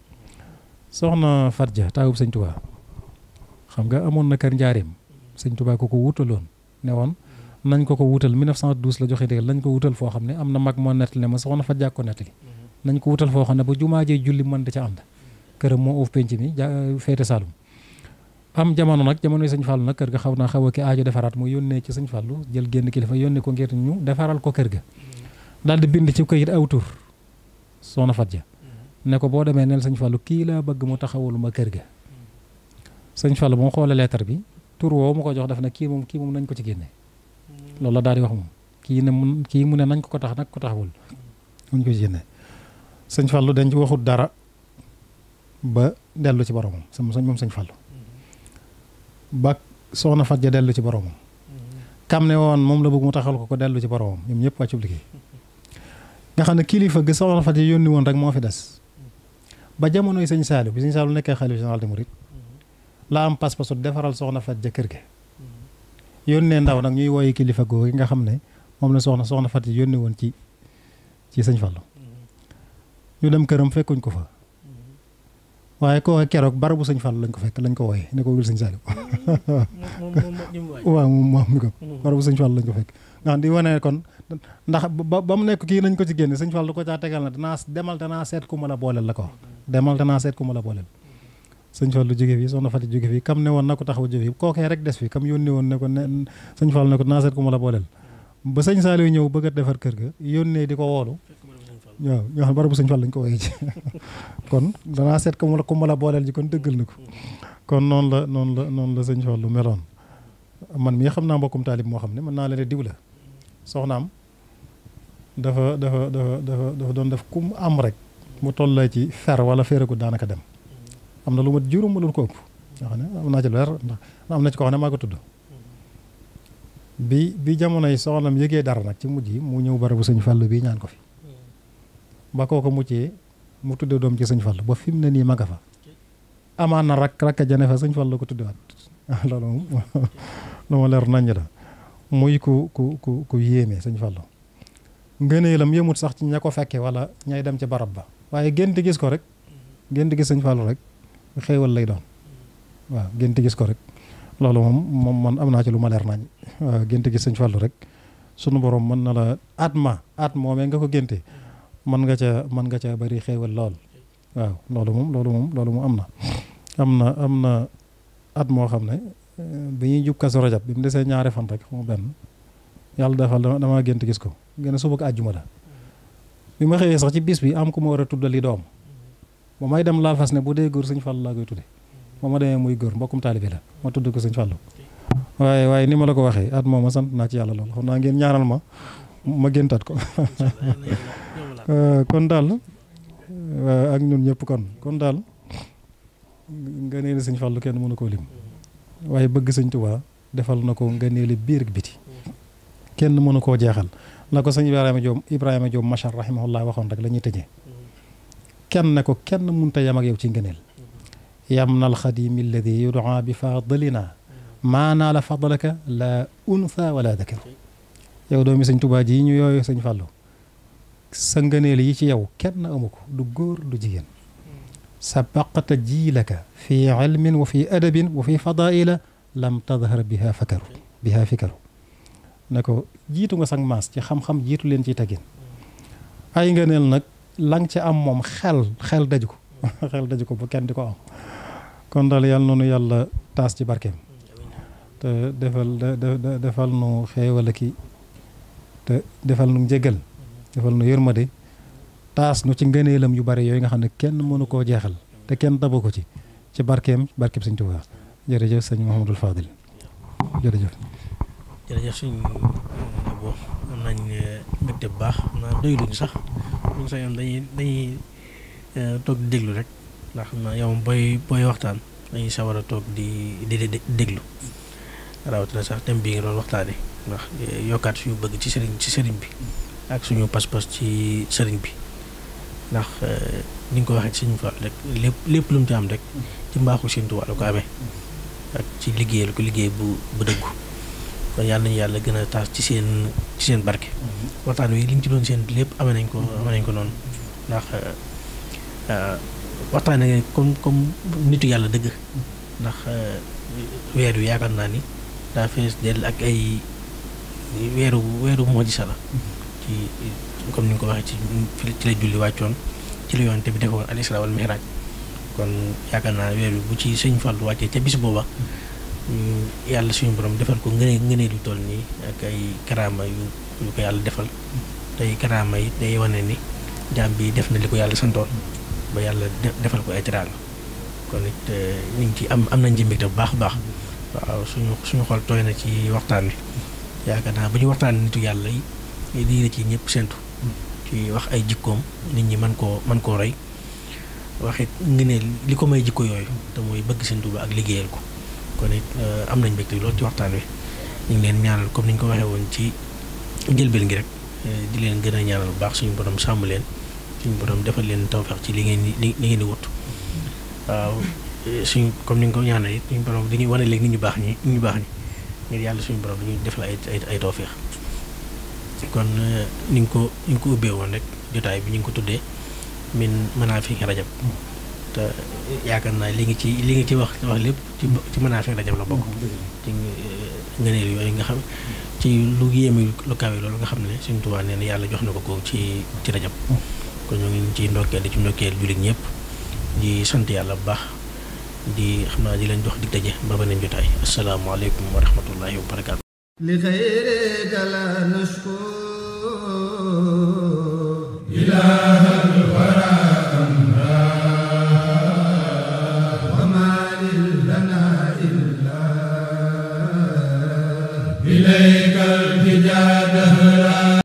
soxna Fatja taawub sañ Touba xam nga amoon na kër njaareem sëñ Touba ko ko wutaloon ne woon nañ ko ko wutal 1912 la joxe dégg lañ ko wutal foo xam ne am na mag moo nettali ne ma soxna Fatja ko nettali mhm. nañ ko wutal foo xam ne ba jumaa jee julli mën da ca ànd mhm. këram moo uuf penc mi féete Saloum am jamono nag jamono sëñ Fallou nag kër ga xaw naa xew a ki aajo defaraat mu yónnee ci sëñ Fallou jël génn kilifa yónnee ko ngir ñu defaral ko kër ga mhm. daal di bind ci këyit aw tur soxna faj ne ko boo demee neel sëñ Fallou kii la bëgg mu taxawul ma kër ga sëñ Fallou bu mu xoolee lettre bi tur woowu mu ko jox daf ne kii moom kii moom nañ ko ci génne hmm. loolu la daal di wax moom kii ne mun kii mu ne nañ ko ko tax nag ko taxawul nañ ko ci génne sëñ Fallou dañ ci waxut dara ba dellu ci boromam sam sëñ moom sëñ Fallou hmm. ba soxna Fat ja dellu ci boromam hmm. kam ne woon moom la bëgg mu taxawal ko ko dellu ci boromam ñoom ñëpp wàccu liggéey nga xam ne kilifa gi soxna Fat ja yónni woon rek moo fi des ba jamonoy sëñ Saliou bi sëñ Saliou nekkee xalifa général des mourides la am pas-pasu defaral soxna Fat ja kër ga yónnee ndaw nag ñuy wooyi kilifa googu yi nga xam ne moom la soxna soxna Fat yi yónnee woon ci ci sëñ Fallou ñu dem këram fekkuñ ko fa waaye koo keroog barabu sëñ Fallou lañ ko fekk lañ ko wooyee ne ko wul sëñ Saliou [laughs] waaw moom moom mi mm-hmm. barabu sëñ Fallou lañ ko fekk nga xam di wane kon ndax ba ba mu nekk kii nañ ko ci génne sëñ Fallou ko caa tegal na danaa demal danaa seet ku mën a booleel la ko demal danaa seet ku ma la booleel sëñ lu jóge fii soxna Fati jóge fii kam ne woon na ko taxaw jóge fii kookee rek des fi kam yónni woon ne ko ne sëñ Fallu ne ko danaa seet ku ma la booleel ba sëñ Saliou ñëw bëgg a defar kër ga yónnee di ko woolu waaw ñoo xam barabu sëñ Fallu lañ ko woyee ci [laughs] kon danaa seet ku ma la ku ma la booleel ji kon dëggal na ko kon noonu la noon la noonu la sëñ Fallu meloon man mii xam naa mbokkum taalib moo xam ne mën naa la ne diw la soxnaam dafa dafa dafa doon def kum am mu tolloo ci fer wala féeragut daanaka dem am na lu ma juróom mënul ko ëpp yoo xam ne am naa ci lu leer ndax am na ci dara nag ci mujj yi mu ñëw barabu sëñ Fall bii ko fi ba koo mu tudde doom ci sëñ Fall ba fi mu ne nii ma nga fa amaan na rak rakk jane fa sëñ Fall la ko tuddewaat [laughs] loolu [laughs] lu ma leer naññ la muy ku ku ku yéeme sëñ Fall ngëneelam yëmut sax ci ña ko fekke wala ñay dem ci barab ba waaye génte gis ko rek génte gis sañ Fallou rek xéewal lay doon waaw gént gis ko rek loolu moom moom man am naa ci lu ma leer nañ gént gis sëñ Fallou rek sunu borom mën na la at ma at moomee nga ko génte nga ca mën nga ca bari xéewal lool loolu moom loolu moom loolu moom am na am na am na at moo xam ne eh, bi ñuy jub kaso rajab bi mu desee ñaari fan rek xamu benn yàlla defal damaa gént gis ko gën a suba ko àjjuma la bi ma xëyee sax ci bis bi am ku ma war a tuddali doom ba may dem laal fas ne bu dee góor sëñ Fallou laa koy tudde ba ma demee muy góor mbokkum taalibe la ma tudd ko sëñ Fallou waaye waaye ni ma la ko waxee at moom ma sant naa ci yàlla lool xam naa ngeen ñaanal ma ma géntaat ko [laughs] euh, kon daal euh, ak ñun ñëpp kon kon daal nga nee ne sëñ kenn mënu koo lim waaye bëgg sëñ Tuubaa defal na ko nga neeli biir biti كين مونو كو جيخال نكو سيني ابراهيم جوم ابراهيم جوم ما شاء الله رحمه الله واخون رك لا ني تدي كين نكو كين مونتا يام اك يو سي غنيل يامنا الخديم الذي يدعى بفضلنا ما نال فضلك لا انثى ولا ذكر يو دومي سيني توبا جي ني يوي سيني فالو سانغنيل يي سي يو كين اموكو دو غور دو جيجن سبقت جيلك في علم وفي ادب وفي فضائل لم تظهر بها فكر بها فكره ne ko jiitu nga sang maas ci xam-xam jiitu leen ci teggin ay nga nag lang ci am moom xel xel daju ko [laughs] xel daju ko bu kenn di ko am kon dal yàlla noonu yàlla taas ci barkeem te defal defal nu xeewal ki te defal nu njëgal defal nu yërmade taas nu ci ngëneelam yu bari yooyu nga xam ne kenn mënu koo jeexal te kenn daba ko ci ci barkeem barkeem sëñ Tuubaa jërëjëf sëñ Mouhamadul Fadil jërëjëf jërëjëf suñ euh, boobu am nañ euh, mbégte bu baax naa doyluñ sax mun sa yoon dañuy dañuy euh, toog déglu rek ndax xam naa yow booy booy waxtaan dañuy sawar a toog di di déglu rawatina sax thème bii nga doon waxtaane ndax yokkaat suñu bëgg ci sëriñ ci sëriñ bi ak suñu pas-pas ci sëriñ bi ndax ni nga ko waxee ci suñu faal rek lépp lépp lu ci am rek ci mbaaxu Sëriñ Tuubaa la ko amee ak ci liggéeyal ko liggéey bu bu dëggu kon yàlla nañu yàlla gën a taas ci seen ci seen barke. Mm-hmm. waxtaan wi li ci doon seen lépp amee nañ ko mm-hmm. amee nañ ko noonu ndax euh, euh, waxtaan nga comme comme nitu yàlla dëgg mm-hmm. ndax euh, weer wi yaakaar naa ni daa fees dell ak ay weeru weeru moo gisa la ci comme ni ko waxee ci ci la julli wàccoon ci la yoonte bi defoon al isra wal kon yaakaar naa weer wi bu ci sëñ Fallu wàccee ca bis booba yàlla suñu borom defal ko ngënee ngënee lu toll nii ak ay karaama yu ñu ko yàlla defal tey karaama yi day wane ni jaam bi def na li ko yàlla santoon ba yàlla defal ko ay teraanga kon it eh, ñu ci am am nañ ci bu baax a baax waaw suñu suñu xol tooy na ci waxtaan wi yaakaar naa bu ñu waxtaan nitu yàlla yi lii ci ñëpp séntu ci wax ay jikkoom nit ñi mën koo man koo rey waxit ngi ne li ko may jikko yooyu te mooy bëgg seen Tuuba ak liggéeyal ko kon it eh, am nañ mbégte lool ci waxtaan wi ñu ngi leen ñaanal comme ni ñu ko waxee woon ci njëlbeen gi rek eh, di leen gën a ñaanal bu baax suñu borom sàmm leen suñu borom defal leen tawfeex ci li ngeen di li ngeen di wut. waaw eh, suñu comme ni nga ko ñaanal it suñu borom dañuy wane léegi nit ñu baax ñi ñu baax ñi ngir yàlla suñu borom dañuy defal ay ay ay tawfeex kon ni nga ko ni nga ubbee woon rek jotaay bi ñu ngi ko tuddee min manaa fi rajab te yaakaar naa li nga ci li nga ci wax wax lépp ci ci mën a fekk dajam la bokk mm-hmm. ci euh, ngëneel yooyu nga xam ci lu yéeme lu kawe loolu nga xam ne suñ tubaa nee na yàlla jox na ko ko ci ci rajab mm. kon ñoo ngi ci ndokkeel di ci ndokkeel jullit ñëpp di sant yàlla bu baax di xam naa di leen jox dig daje ba beneen jotaay asalaamaaleykum wa rahmatullahi wa barakaatu li xëyre dala nusku